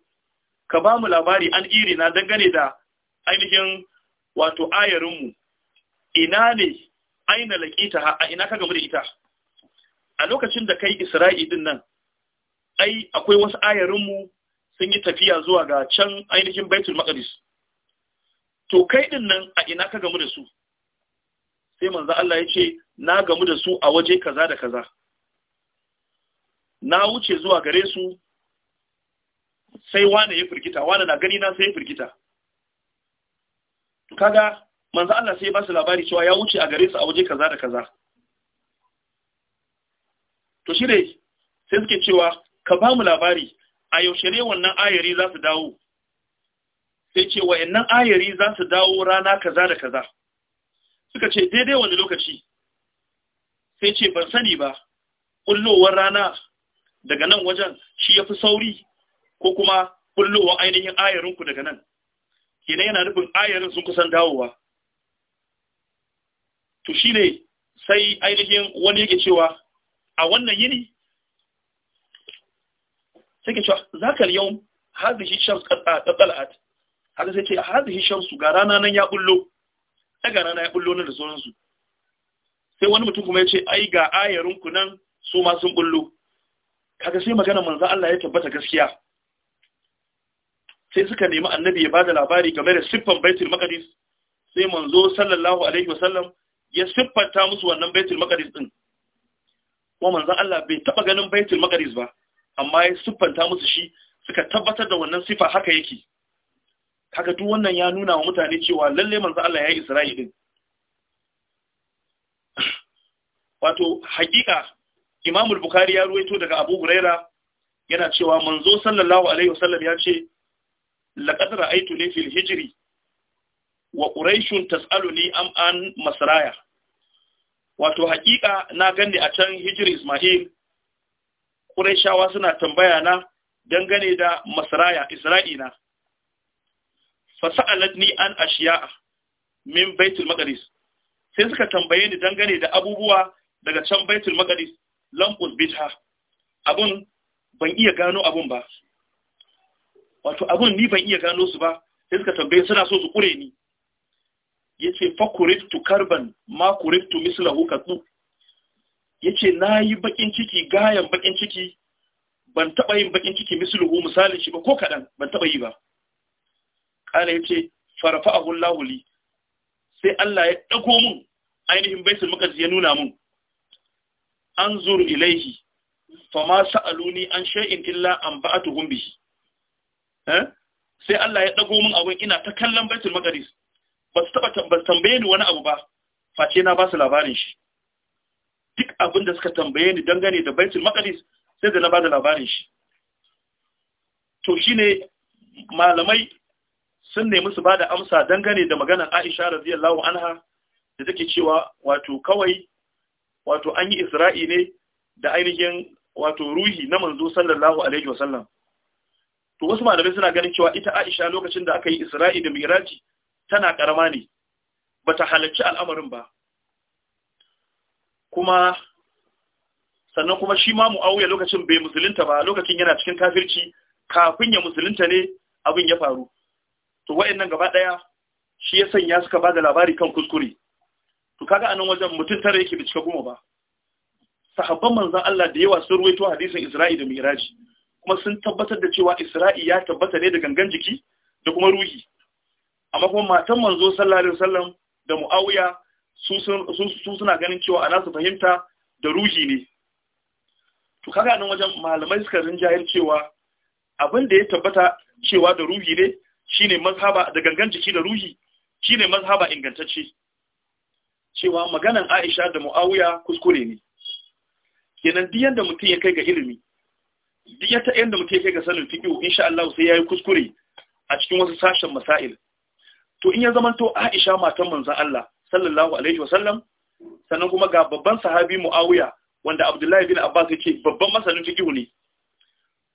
ka ba mu labari an iri na dangane da ainihin wato ayarinmu ina ne aina laƙitaha a ina ka gamu da ita a lokacin da kai isra'i din nan ai akwai wasu ayarinmu sun yi tafiya zuwa ga can ainihin baitul maqdis to kai din nan a ina ka gamu da su sai manzo Allah ya ce na gamu da su a waje kaza da kaza na wuce zuwa gare su sai wane ya firgita wane na gani na sai ya firgita kaga manzo Allah sai ba su labari cewa ya wuce a gare su a waje kaza da kaza to shi dai sai suke cewa ka ba mu labari a yaushe ne wannan ayari za su dawo sai ce wa'annan ayari za su dawo rana kaza da kaza suka ce daidai wani lokaci sai ce ban sani ba kullowar rana daga nan wajen shi ya fi sauri ko kuma kullowa ainihin ayarinku daga nan kenan yana nufin ayarin sun kusan dawowa to shi ne sai ainihin wani yake cewa a wannan yini sai ke cewa za ka yau shi shan katsalat haka sai ce shan su ga rana nan ya bullo ga rana ya ɓullo nan da sauransu sai wani mutum kuma ya ce ai ga ayarinku nan su ma ɓullo kaga sai magana manzo Allah ya tabbata gaskiya sai suka nemi annabi ya bada labari game da siffan baitul maqdis sai manzo sallallahu alaihi wasallam ya siffanta musu wannan baitul maqdis din kuma manzo Allah bai taba ganin baitul maqdis ba amma ya siffanta musu shi suka tabbatar da wannan sifa haka yake kaga duk wannan ya nuna wa mutane cewa lalle manzo Allah ya yi Isra'ilin wato haƙiƙa. Imam al-Bukhari ya ruwaito daga Abu Huraira yana cewa manzo sallallahu alaihi wasallam ya ce laqad ra'aytu li fil hijri wa quraish tas'aluni am an masraya wato hakika na gani a can hijri Isma'il quraishawa suna tambaya na dangane da masraya fa sa'alatni an ashiya'a min baitul maqdis sai suka tambaye ni dangane da abubuwa daga can baitul maqdis lan bita abun ban iya gano abun ba wato abun ni ban iya gano su ba sai suka tambaye suna so su kure ni yace fa kuriftu karban ma kuriftu Ya ce yace nayi bakin ciki gayan bakin ciki ban taba yin bakin ciki hu misalin shi ba ko kaɗan? ban taba yi ba kana yace farfa'ahu Allahu li sai Allah ya dago mun ainihin baitul maqdis ya nuna mun anzur ilaihi fa ma sa'aluni an shay'in illa an ba'atuhum bihi eh sai Allah ya dago min abin ina ta kallon Baitul Maqdis ba su taba tambaye tambaye ni wani abu ba face na ba su labarin shi duk abin da suka tambaye ni dangane da Baitul Maqdis sai da na ba da labarin shi to shine malamai sun nemi su ba da amsa dangane da maganar Aisha radiyallahu anha da take cewa wato kawai wato an yi isra'i ne da ainihin wato ruhi na manzo sallallahu alaihi wasallam to wasu malamai suna ganin cewa ita Aisha lokacin da aka yi Isra'i da Miraji tana karama ne bata halarci al'amarin ba kuma sannan kuma shi ma Muawiya lokacin bai musulunta ba lokacin yana cikin kafirci kafin ya musulunta ne abin ya faru to wayannan gaba daya shi ya sanya suka da labari kan kuskure to kaga anan wajen mutum tara yake bincika goma ba sahabban manzan Allah da yawa sun ruwaito hadisin Isra'i da Miraj kuma sun tabbatar da cewa Isra'i ya tabbata ne da gangan jiki da kuma ruhi amma kuma matan manzo sallallahu alaihi wasallam da Muawiya su suna ganin cewa ana su fahimta da ruhi ne to kaga anan wajen malamai suka rinjayar cewa abin da ya tabbata cewa da ruhi ne shine mazhaba da gangan jiki da ruhi shine mazhaba ingantacce cewa maganan Aisha da Muawiya kuskure ne kenan duk yanda mutum ya kai ga ilimi duk yata yanda mutum ya kai ga sanin fiqh insha Allah sai yayi kuskure a cikin wasu sashen masail to in ya to Aisha matan manzon Allah sallallahu alaihi wasallam sannan kuma ga babban sahabi Muawiya wanda Abdullahi bin Abbas yake babban masanin fiqh ne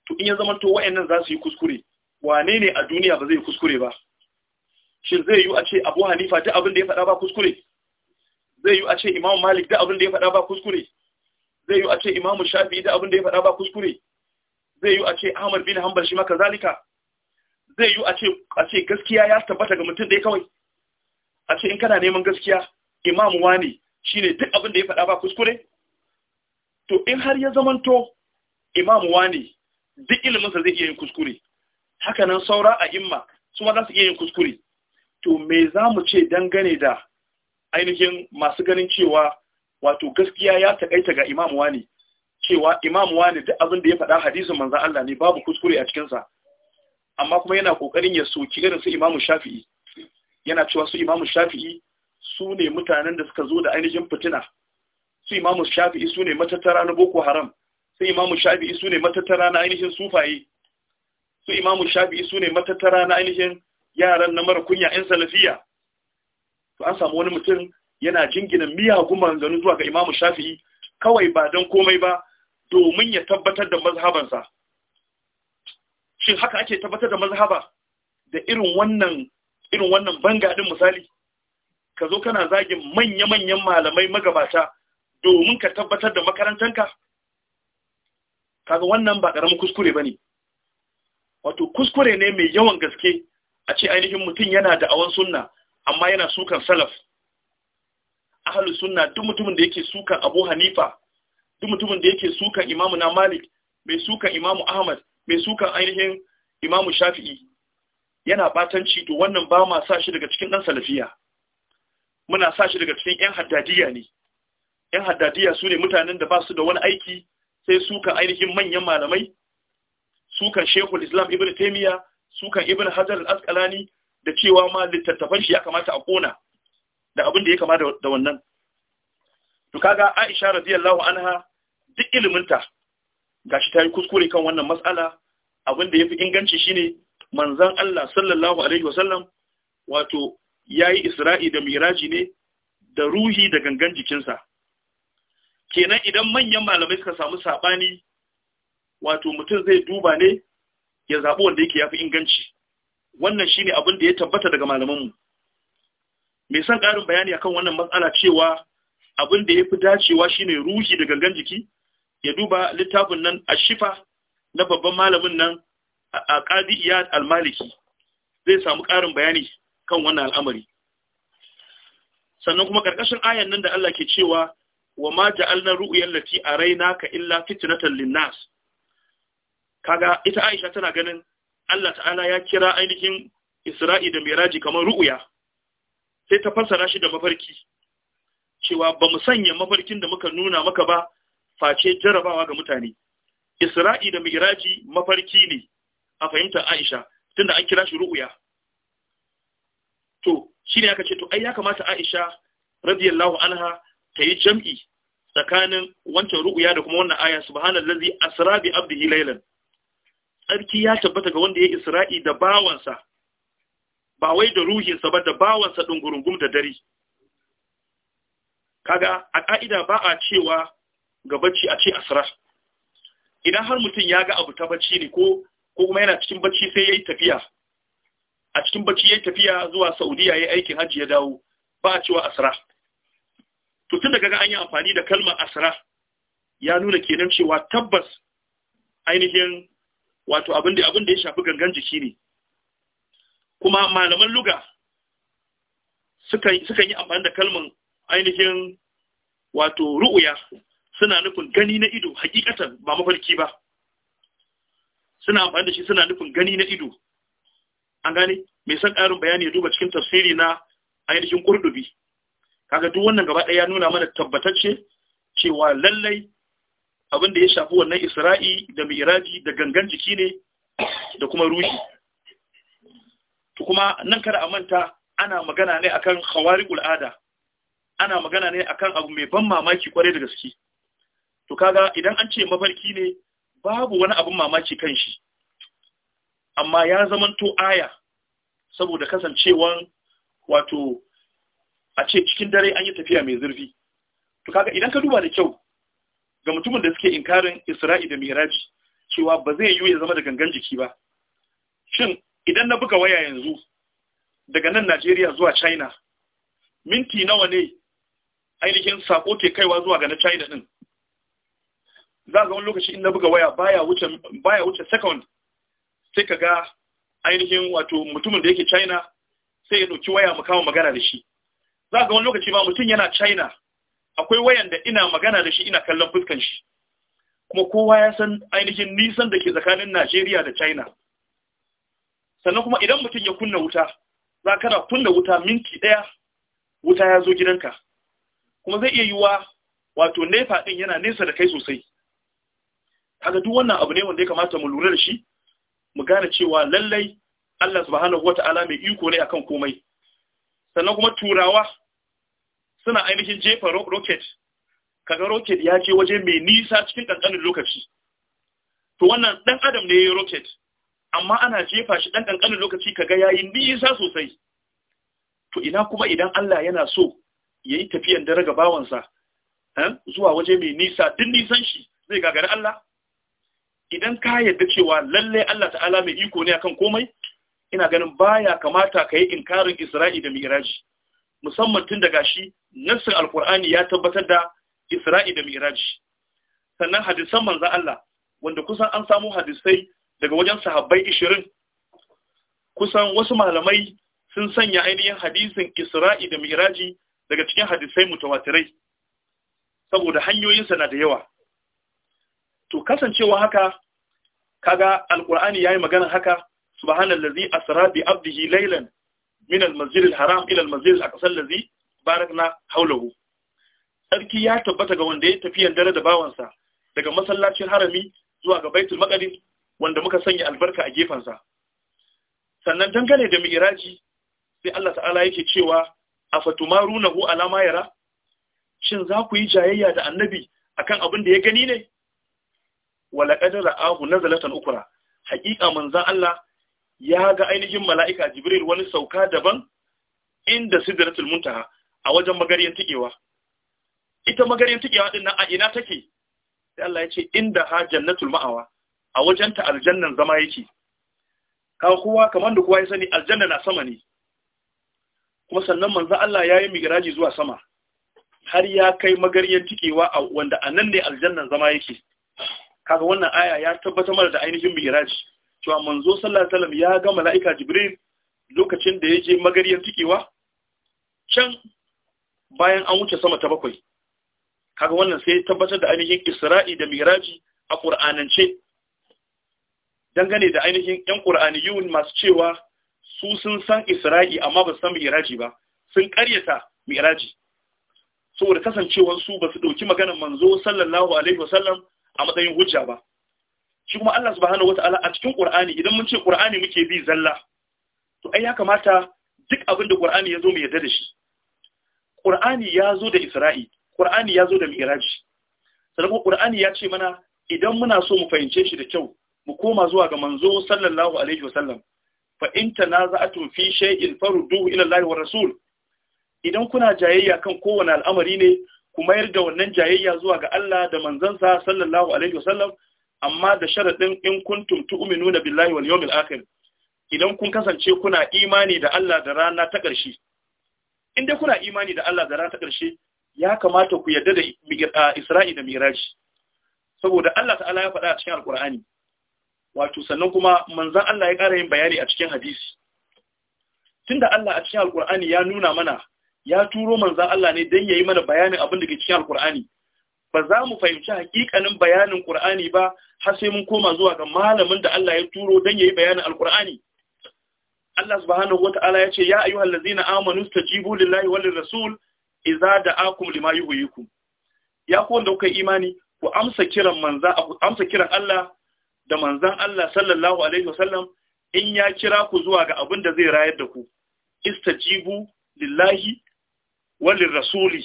to in ya to wayannan za su yi kuskure wane ne a duniya ba zai kuskure ba shin zai yi a ce Abu Hanifa duk abin da ya faɗa ba kuskure zai yi a ce imamu malik da abin da ya faɗa ba kuskure zai yi a ce imamu shafi da abin da ya faɗa ba kuskure zai yi a ce ahmad bin hanbal shi maka zalika zai yi a ce gaskiya ya tabbata ga mutum dai kawai a ce in kana neman gaskiya imamu wani shi ne duk abin da ya faɗa ba kuskure to in har ya zamanto imamu wani duk iliminsa zai iya yin kuskure hakanan saura a imma su ma za su iya yin kuskure to me za mu ce dangane da ainihin masu ganin cewa wato gaskiya ya takaita ga imam wani cewa imam wani duk abin da ya faɗa hadisin manzan Allah ne babu kuskure a cikinsa amma kuma yana kokarin ya soki irin su imamu shafi'i yana cewa su imamu shafi'i su ne mutanen da suka zo da ainihin fitina su imamu shafi'i su ne matattara na boko haram su imamu shafi'i su ne matattara na ainihin sufaye su imamu shafi'i su ne matattara na ainihin yaran na mara kunya 'yan salafiya to an samu wani mutum yana jingina miyagun manzanni zuwa ga imamu shafi'i kawai ba don komai ba domin ya tabbatar da mazhabansa shin haka ake tabbatar da mazhaba da irin wannan irin wannan banga din misali ka zo kana zagin manya-manyan malamai magabata domin ka tabbatar da makarantanka kaga wannan ba ƙaramin kuskure ba ne wato kuskure ne mai yawan gaske a ce ainihin mutum yana da awan sunna amma yana sukan salaf ahlu sunna duk mutumin da yake sukan abu hanifa duk mutumin da yake sukan imamu na malik mai sukan imamu ahmad mai sukan ainihin imamu shafi'i yana batanci to wannan ba ma sa shi daga cikin dan salafiya muna sashi daga cikin yan haddadiya ne yan haddadiya su ne mutanen da ba su da wani aiki sai sukan ainihin manyan malamai sukan shehul islam ibn taimiya sukan ibn hajar al-asqalani da cewa ma littattafan shi ya kamata a kona da abin da ya kama da wannan to ga Aisha radiyallahu anha duk iliminta Ga shi ta yi kuskure kan wannan mas'ala abin da yafi inganci shine manzon Allah sallallahu alaihi wasallam wato yayi Isra'i da Miraji ne da ruhi da gangan jikinsa kenan idan manyan malamai suka samu sabani wato mutum zai duba ne ya zabi wanda yake fi inganci wannan shine abin da ya tabbata daga malamanmu mai san ƙarin bayani akan wannan matsala cewa abin da ya fi dacewa shine ruhi da gangan jiki ya duba littafin nan a shifa na babban malamin nan a qadi iyad almaliki zai samu ƙarin bayani kan wannan al'amari sannan kuma ƙarƙashin ayan nan da Allah ke cewa wa ma ja'alna ru'yan lati ka illa fitnatan linnas kaga ita Aisha tana ganin Allah ta'ala ya kira ainihin Isra'i da Miraji kamar ru'uya sai ta fassara shi da mafarki cewa ba mu sanya mafarkin da muka nuna maka ba face jarabawa ga mutane Isra'i da Miraji mafarki ne a fahimtar Aisha tun da an kira shi ru'uya to shi ne aka ce to ai ya kamata Aisha radiyallahu anha ta yi jam'i tsakanin wancan ru'uya da kuma wannan aya subhanallazi asra bi abdihi laylan tsarki ya tabbata ga wanda ya isra'i da bawansa ba wai da ruhinsa ba da bawansa ɗin da dare kaga a ƙa'ida ba a cewa ga bacci a ce asra idan har mutum ya ga abu ta bacci ne ko kuma yana cikin bacci sai yayi tafiya a cikin bacci yayi tafiya zuwa Saudiya yayi aikin hajji ya dawo ba a cewa asra to tun da ga an yi amfani da kalmar asra ya nuna kenan cewa tabbas ainihin wato abin da abin da ya shafi gangan jiki ne kuma malaman luga sukan suka yi amfani da kalman ainihin wato ru'uya suna nufin gani na ido hakikatan ba mafarki ba suna amfani da shi suna nufin gani na ido an gane mai san ƙarin bayani ya duba cikin tafsiri na ainihin kurdubi kaga duk wannan gaba ɗaya ya nuna mana tabbatacce cewa lallai abin da ya shafi wannan isra'i da mi'raji da gangan jiki ne da kuma ruhi to kuma nan kada a manta ana magana ne akan khawariqul ada ana magana ne akan abu mai ban mamaki kwarai da gaske to kaga idan an ce mafarki ne babu wani abin mamaki kan shi amma ya zamanto aya saboda kasancewan wato a ce cikin dare an yi tafiya mai zurfi to kaga idan ka duba da kyau ga mutumin da suke inkarin Isra'i da Miraji cewa ba zai yiwu ya zama da gangan jiki ba shin idan na buga waya yanzu daga nan Najeriya zuwa China minti nawa ne ainihin sako ke kaiwa zuwa ga na China din za ga wani lokaci in na buga waya baya wuce baya wuce second sai ka ga ainihin wato mutumin da yake China sai ya ɗauki waya mu kama magana da shi za ga wani lokaci ma mutum yana China akwai wayan da ina magana da shi ina kallon fuskan shi kuma kowa ya san ainihin nisan da ke tsakanin Najeriya da China sannan kuma idan mutum ya kunna wuta za kana kunna wuta minti ɗaya wuta ya zo gidanka kuma zai iya yiwuwa wato nefa ɗin yana nesa da kai sosai kaga duk wannan abu ne wanda ya kamata mu lura da shi mu gane cewa lallai Allah subhanahu wata'ala mai iko ne akan komai sannan kuma turawa suna ainihin jefa rocket kaga rocket ya je waje mai nisa cikin ƙanƙanin lokaci to wannan ɗan adam ne ya yi rocket amma ana jefa shi ɗan ƙanƙanin lokaci kaga ya yi nisa sosai to ina kuma idan Allah yana so ya yi tafiyan daraga bawansa eh, zuwa waje mai nisa duk nisan shi zai gagari Allah idan ka yadda cewa lalle Allah ta'ala mai iko ne akan komai ina ganin baya kamata ka yi inkarin Isra'i da Mi'raji musamman tun daga shi nassin alkur'ani ya tabbatar da isra'i da miraj sannan hadisan manzan Allah wanda kusan an samu hadisai daga wajen sahabbai ishirin kusan wasu malamai sun sanya ainihin hadisin isra'i da miraji daga cikin hadisai mutawatirai saboda hanyoyinsa na da yawa to kasancewa haka kaga alkur'ani yi magana haka subhanallazi asra bi abdihi laylan من المسجد الحرام haram ila الذي باركنا حوله aqsa allazi barakna sarki ya tabbata ga wanda ya tafiyan dare da bawansa daga masallacin harami zuwa ga baitul maqdis wanda muka sanya albarka a gefansa sannan dangane da mi'raji sai Allah ta'ala yake cewa afatumarunahu ala ma yara shin za ku yi jayayya da annabi akan abin da ya gani ne wala qadara ra'ahu nazalatan ukra haqiqa manzan Allah ya ga ainihin mala'ika jibril wani sauka daban inda sidratul muntaha a wajen magariyar tikewa ita magariyar tikewa din nan a ina take sai Allah ya ce inda ha jannatul ma'awa a wajen ta aljannan zama yake ka kowa kamar da kowa ya sani aljanna na sama ne kuma sannan manzo Allah ya yi migraji zuwa sama har ya kai magariyar tikewa wanda anan ne aljannan zama yake kaga wannan aya ya tabbatar da ainihin migraji cewa manzo sallallahu alaihi wasallam ya ga mala'ika jibril lokacin da ya je magariyar tikewa can bayan an wuce sama ta bakwai kaga wannan sai tabbatar da ainihin isra'i da miraji a ƙur'anance dangane da ainihin 'yan ƙur'aniyun masu cewa su sun san isra'i amma ba su san miraji ba sun karyata miraji saboda kasancewar su ba su ɗauki maganar manzo sallallahu alaihi wasallam a matsayin hujja ba shi kuma Allah subhanahu wataala a cikin Qur'ani idan mun ce Qur'ani muke bi zalla to ai ya kamata duk abin da Qur'ani ya zo mu yarda da shi Qur'ani ya zo da Isra'i Qur'ani ya zo da Mi'raji sannan ƙur'ani Qur'ani ya ce mana idan muna so mu fahimce shi da kyau mu koma zuwa ga manzo sallallahu alaihi wasallam fa in tanaza'atum fi shay'in farudduhu ila Allah wa rasul idan kuna jayayya kan kowane al'amari ne ku mayar da wannan jayayya zuwa ga Allah da manzansa sallallahu alaihi wasallam amma da sharaɗin in kuntum na billahi wal yawmil akhir idan kun kasance kuna imani da Allah da rana ta ƙarshe in dai kuna imani da Allah da rana ta ƙarshe ya kamata ku yarda da Isra'i da Miraj saboda Allah ta'ala ya faɗa a cikin Alƙur'ani wato sannan kuma manzon Allah ya ƙara yin bayani a cikin hadisi tunda Allah a cikin Alƙur'ani ya nuna mana ya turo manzon Allah ne don yayi mana bayanin abin da ke cikin Alƙur'ani ba za mu fahimci hakikanin bayanin Qur'ani ba har sai mun koma zuwa ga malamin da Allah ya turo dan yayi bayanin Al-Qur'ani Allah subhanahu wata'ala ya ce ya ayyuhal ladzina amanu stajibu lillahi wal rasul idza da'akum lima yuhyikum ya ku wanda kuka imani ku amsa kiran manza ku amsa kiran Allah da manzan Allah sallallahu alaihi wasallam in ya kira ku zuwa ga abin da zai rayar da ku istajibu lillahi wal rasuli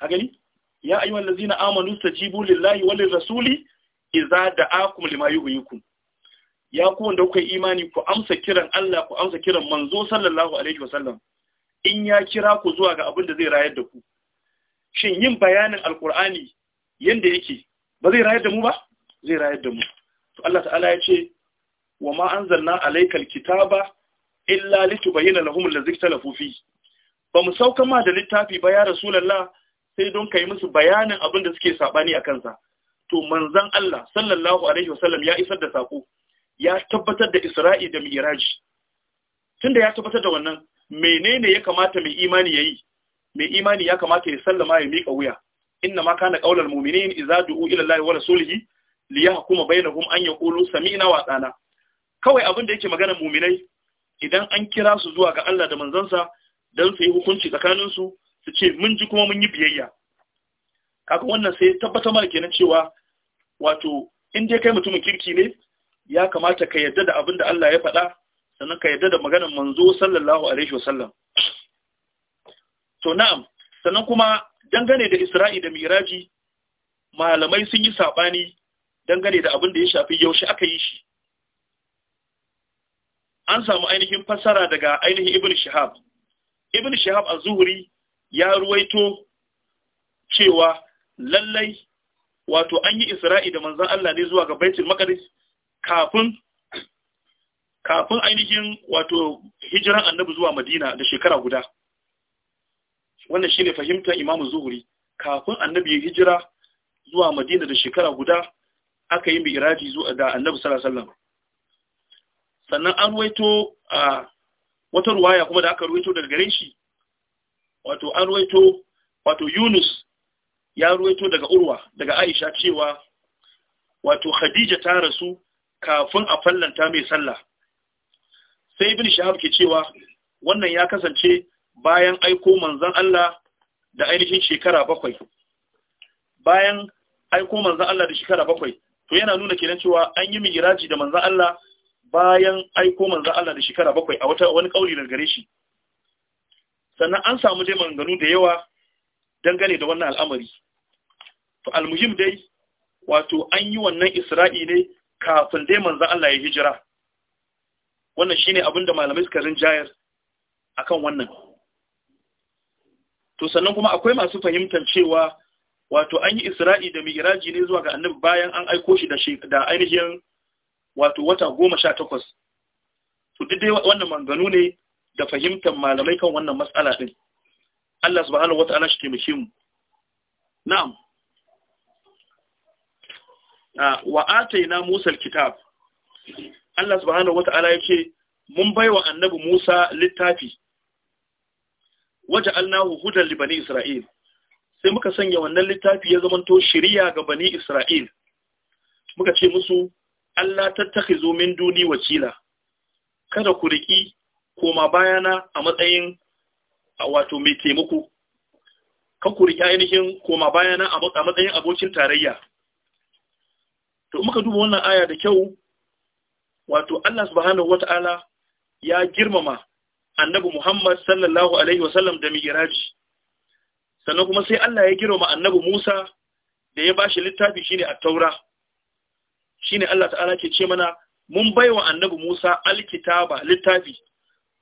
hagani ya ayyuhal ladzina amanu tajibu lillahi wani rasuli idza da'akum lima yuhyikum ya ku wanda kuka imani ku amsa kiran Allah ku amsa kiran manzo sallallahu alaihi wasallam in ya kira ku zuwa ga abin da zai rayar da ku shin yin bayanin alkur'ani yanda yake ba zai rayar da mu ba zai rayar da mu to Allah ta'ala ya ce wa ma anzalna alaykal kitaba illa litubayyana lahum allazi ikhtalafu fi ba mu sauka ma da littafi ba ya rasulullah sai don ka yi musu bayanin abin da suke saɓani a kansa to manzon Allah sallallahu alaihi wasallam ya isar da saƙo, ya tabbatar da Isra'i da Mi'raji tunda ya tabbatar da wannan menene ya kamata mai imani yayi mai imani ya kamata ya sallama ya mika wuya inna ma kana ƙaular mu'minin iza du'u ila Allah wa kuma bayyana bainahum an yaqulu sami'na wa atana kawai abin da yake magana mu'minai idan an kira su zuwa ga Allah da manzansa dan su yi hukunci tsakanin su su ce mun ji kuma mun yi biyayya kaga wannan sai tabbatar mana kenan cewa wato in dai kai mutumin kirki ne ya kamata ka yarda da abin da Allah ya faɗa sannan ka yarda da maganar manzo sallallahu alaihi wasallam to na'am sannan kuma dangane da Isra'i da Miraji malamai sun yi sabani dangane da abin da ya shafi yaushe aka yi shi an samu ainihin fassara daga ainihin Ibn Shihab Ibn Shihab az-Zuhri ya ruwaito cewa lallai wato an yi isra'i da manzan Allah ne zuwa ga baitul maqdis kafin kafin ainihin wato hijiran annabi zuwa madina da shekara guda wannan shine fahimtar imam zuhuri kafin annabi ya hijira zuwa madina da shekara guda aka yi mi'raji zuwa da annabi sallallahu alaihi wasallam sannan an waito a ah, wata ruwaya kuma da aka ruwaito daga gare shi wato an ruwaito wato Yunus ya ruwaito daga Urwa daga Aisha cewa wato Khadija ta rasu kafin a fallanta mai sallah sai Ibn Shahab ke cewa wannan ya kasance bayan aiko manzon Allah da ainihin shekara bakwai bayan aiko manzon Allah da shekara bakwai to yana nuna kenan cewa an yi miraji da manzon Allah bayan aiko manzon Allah da shekara bakwai a wata wani kauli daga gare shi sannan an samu dai maganganu da yawa dangane da wannan al'amari to almuhim dai wato an yi wannan isra'i ne kafin dai manzan Allah ya hijira wannan shine abinda malamai suka rinjayar akan wannan to sannan kuma akwai masu fahimtar cewa wato an yi isra'i da mi'raji ne zuwa ga annabi bayan an aiko shi da ainihin wato wata goma sha takwas to duk dai wannan manganu ne da fahimtar malamai kan wannan matsala ɗin Allah subhanahu wata'ala shi taimake mu na'am ah, wa na Musa alkitab Allah subhanahu wata'ala yake mun baiwa annabi Musa littafi waje hudar li bani Isra'il sai muka sanya wannan littafi ya zamanto shiriya ga bani Isra'il muka ce musu Allah zo min duni wakila kada ku riki koma bayana a matsayin wato mai taimako kan ku riƙe ainihin koma bayana a matsayin abokin tarayya to muka duba wannan aya da kyau wato Allah subhanahu wata'ala ya girmama annabi Muhammad sallallahu alaihi wasallam da mi'raji sannan kuma sai Allah ya girmama annabi Musa da ya bashi littafi shine at-Taura shine Allah ta'ala ke ce mana mun baiwa annabi Musa alkitaba littafi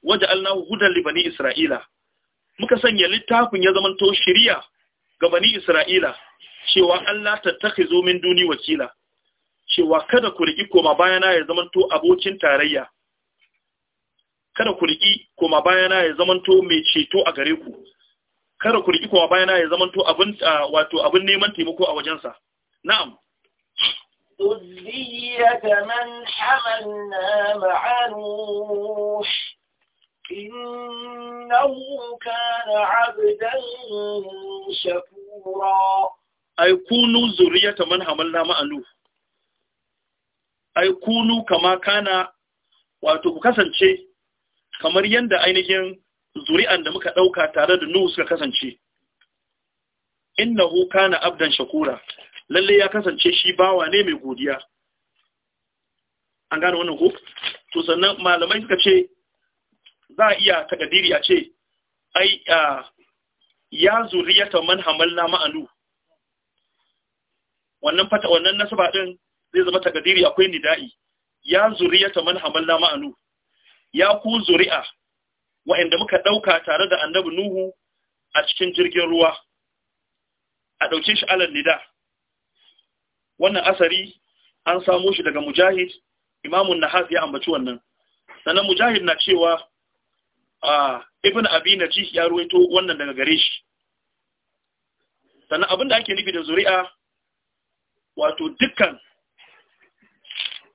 waja'alnahu hudan li bani isra'ila muka sanya littafin ya zamanto shiriya ga bani isra'ila cewa Allah ta tattakhizu min duni wakila cewa kada ku riki koma bayana ya zamanto abokin tarayya kada ku riki koma bayana ya zamanto mai ceto a gare ku kada ku riki koma bayana ya zamanto abin wato abin neman taimako a wajensa na'am ذرية من حملنا مع نوح إنه كان عبدا شكورا أي كونوا ذرية من حملنا مع نوح أي كونوا كما كان wato ku kasance kamar yadda ainihin zuri'an da muka ɗauka tare da Nuhu suka kasance innahu kana abdan shakura lalle ya kasance shi bawa ne mai godiya an gano wannan ko to sannan malamai suka ce za a iya takadiri a ce ai ya zuriyata man hamalna ma'anu wannan fata wannan nasaba din zai zama takadiri akwai nida'i ya zuriyata man hamalna ma'anu ya ku zuri'a wa'anda muka dauka tare da annabi nuhu a cikin jirgin ruwa a dauke shi alal nida wannan asari an samo shi daga mujahid imamun nahas ya ambaci wannan sannan mujahid na cewa ibn abi najih ya ruwaito wannan daga gare shi sannan abin da ake nufi da zuri'a wato dukkan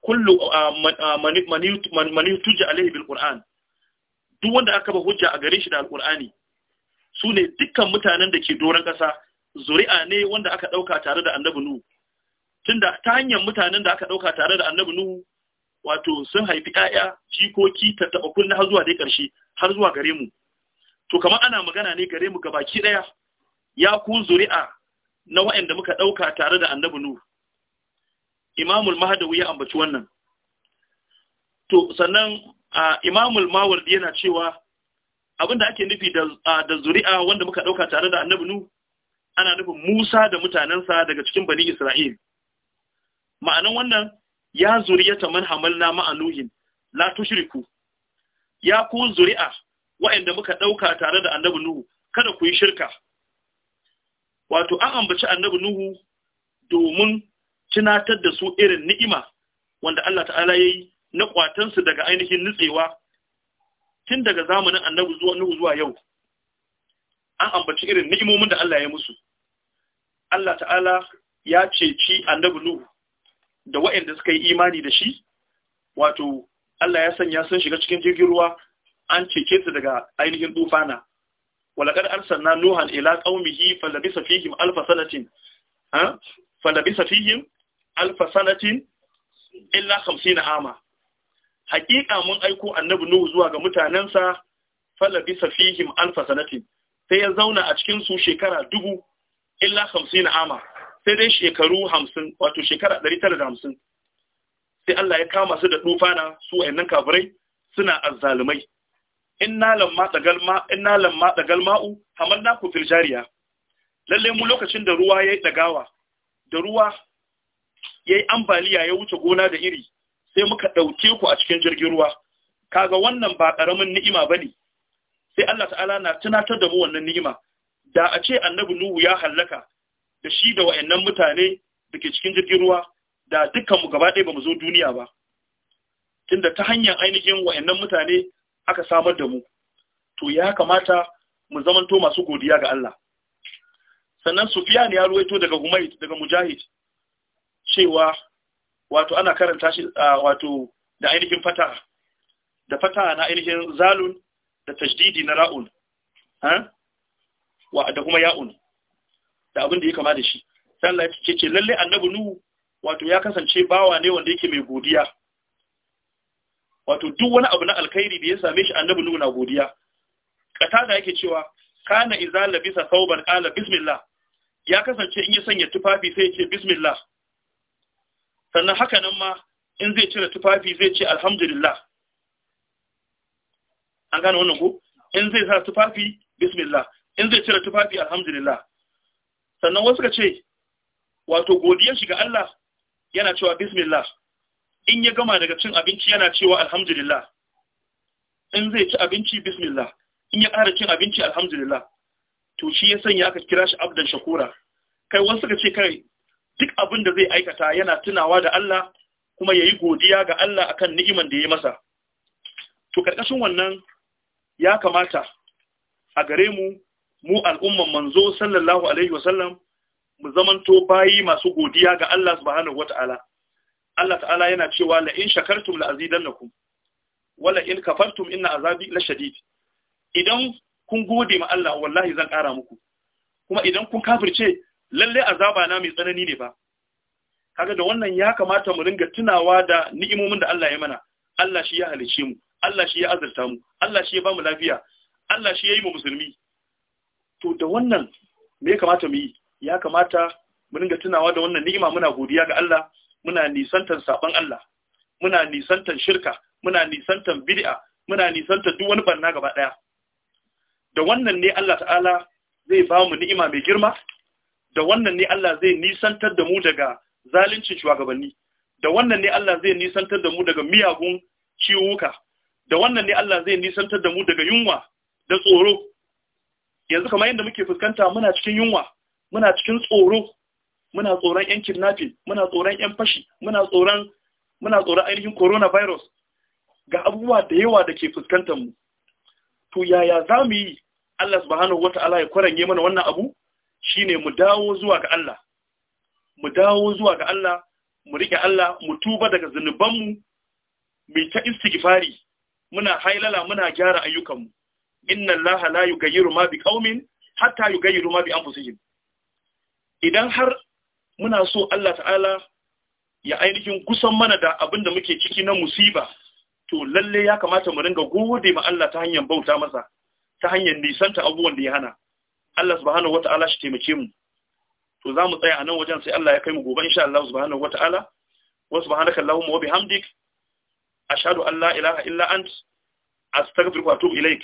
kullu mani tuja alaihi bil qur'an duk wanda aka ba hujja a gare shi da alqur'ani su ne dukkan mutanen da ke doron ƙasa zuri'a ne wanda aka ɗauka tare da annabi nuhu tunda ta hanyar mutanen da aka ɗauka tare da annabi nuhu wato sun haifi ƴaƴa jikoki taɓa kunna har zuwa dai ƙarshe har zuwa gare mu to kamar ana magana ne gare mu gabaki ɗaya ya ku zuri'a na waɗanda muka ɗauka tare da annabi nu imamul mahadawi ya ambaci wannan to sannan imamul mawardi yana cewa abinda ake nufi da zuri'a wanda muka ɗauka tare da annabi nu ana nufin musa da mutanensa daga cikin bani isra'il ma'anan wannan ya zuriyata man hamalna a nuhin la tushriku ya ku zuri'a wa'anda muka dauka tare da annabi nuhu kada ku yi shirka wato an ambaci annabi nuhu domin tunatar da su irin ni'ima wanda Allah ta'ala yayi na kwatansu daga ainihin nutsewa tun daga zamanin annabi zuwa nuhu zuwa yau an ambaci irin ni'imomin da Allah ya musu Allah ta'ala ya ceci annabi nuhu da waɗanda suka yi imani da shi wato Allah ya sanya sun shiga cikin jirgin ruwa an cece su daga ainihin tufana walaqad arsalna nuhan ila qaumihi falabisa fihim alf sanatin ha falabisa fihim alf sanatin illa 50 ama Hakika mun aiko annabi nuhu zuwa ga mutanansa falabisa fihim alf sanatin sai ya zauna a cikin su shekara dubu illa 50 ama sai dai shekaru hamsin wato shekara ɗari tara da hamsin sai Allah ya kama su da tufana su wayannan kafirai suna azzalumai inna lamma dagal ma inna lamma dagal ma'u ku fil jariya lalle mu lokacin da ruwa yayi dagawa da ruwa yayi ambaliya ya wuce gona da iri sai muka ɗauke ku a cikin jirgin ruwa kaga wannan ba karamin ni'ima bane sai Allah ta'ala na tunatar da mu wannan ni'ima da a ce annabi nuhu ya hallaka da shi da wa'annan mutane da ke cikin jirgin ruwa da dukkanmu gaba ɗaya ba mu zo duniya ba tunda ta hanyar ainihin wa'annan mutane aka samar da mu to ya kamata mu zamanto masu godiya ga Allah sannan Sufyan ya ruwaito daga Humayd daga Mujahid cewa wato ana karanta shi wato da ainihin fata da fata na ainihin zalun da tajdidi na ra'un ha wa da kuma ya'un da abin da ya kama da shi sallah ce ce lalle annabi nuhu wato ya kasance bawa ne wanda yake mai godiya wato duk wani abu na alkhairi da ya same shi annabi nuhu na godiya kata da yake cewa kana iza labisa sauban ala bismillah ya kasance in ya sanya tufafi sai ya ce bismillah sannan haka nan ma in zai cire tufafi zai ce alhamdulillah an gane wannan ko in zai sa tufafi bismillah in zai cire tufafi alhamdulillah sannan wasu ka ce wato godiyar shi ga Allah yana cewa bismillah in ya gama daga cin abinci yana cewa alhamdulillah in zai ci abinci bismillah in ya ƙara cin abinci alhamdulillah to shi ya sanya aka kira shi abdan shakura kai wasu ka ce kai duk abin da zai aikata yana tunawa da Allah kuma yayi godiya ga Allah akan ni'iman da ya masa to karkashin wannan ya kamata a gare mu mu al'umman manzo sallallahu alaihi wasallam mu zamanto bayi masu godiya ga Allah subhanahu wata'ala Allah ta'ala yana cewa la in shakartum la azidannakum wala in kafartum inna azabi la idan kun gode ma Allah wallahi zan ƙara muku kuma idan kun kafirce lalle azaba na mai tsanani ne ba kaga da wannan ya kamata mu ringa tunawa da ni'imomin da Allah ya mana Allah shi ya halice mu Allah shi ya azurta mu Allah shi ya ba mu lafiya Allah shi ya yi mu musulmi to da wannan me ya kamata mu yi ya kamata mu dinga tunawa da wannan ni'ima muna godiya ga Allah muna nisantan saban Allah muna nisantan shirka muna nisantan bid'a muna nisantan duk wani banna gaba daya da wannan ne Allah ta'ala zai ba mu ni'ima mai girma da wannan ne Allah zai nisantar da mu daga zaluncin shugabanni da wannan ne Allah zai nisantar da mu daga miyagun ciwuka da wannan ne Allah zai nisantar da mu daga yunwa da tsoro yanzu kamar yadda muke fuskanta muna cikin yunwa muna cikin tsoro muna tsoron yan kidnafi muna tsoron yan fashi muna tsoron muna tsoron ainihin coronavirus ga abubuwa da yawa da ke fuskantar mu to yaya za mu yi Allah subhanahu wata'ala ya kwaranye mana wannan abu shine mu dawo zuwa ga Allah mu dawo zuwa ga Allah mu rike Allah mu tuba daga zunubanmu mu ta istighfari muna hailala muna gyara ayyukanmu inna Allah la yughayyiru ma bi qaumin hatta yughayyiru ma bi anfusihim idan har muna so Allah ta'ala ya ainihin kusan mana da abinda muke ciki na musiba to lalle ya kamata mu ringa gode ma Allah ta hanyar bauta masa ta hanyar nisanta abubuwan da ya hana Allah subhanahu wata'ala shi taimake mu to za mu tsaya a nan wajen sai Allah ya kai mu gobe insha Allah subhanahu wata'ala wa subhanaka allahumma wa bihamdik ashhadu an la ilaha illa ant astaghfiruka wa atubu ilaik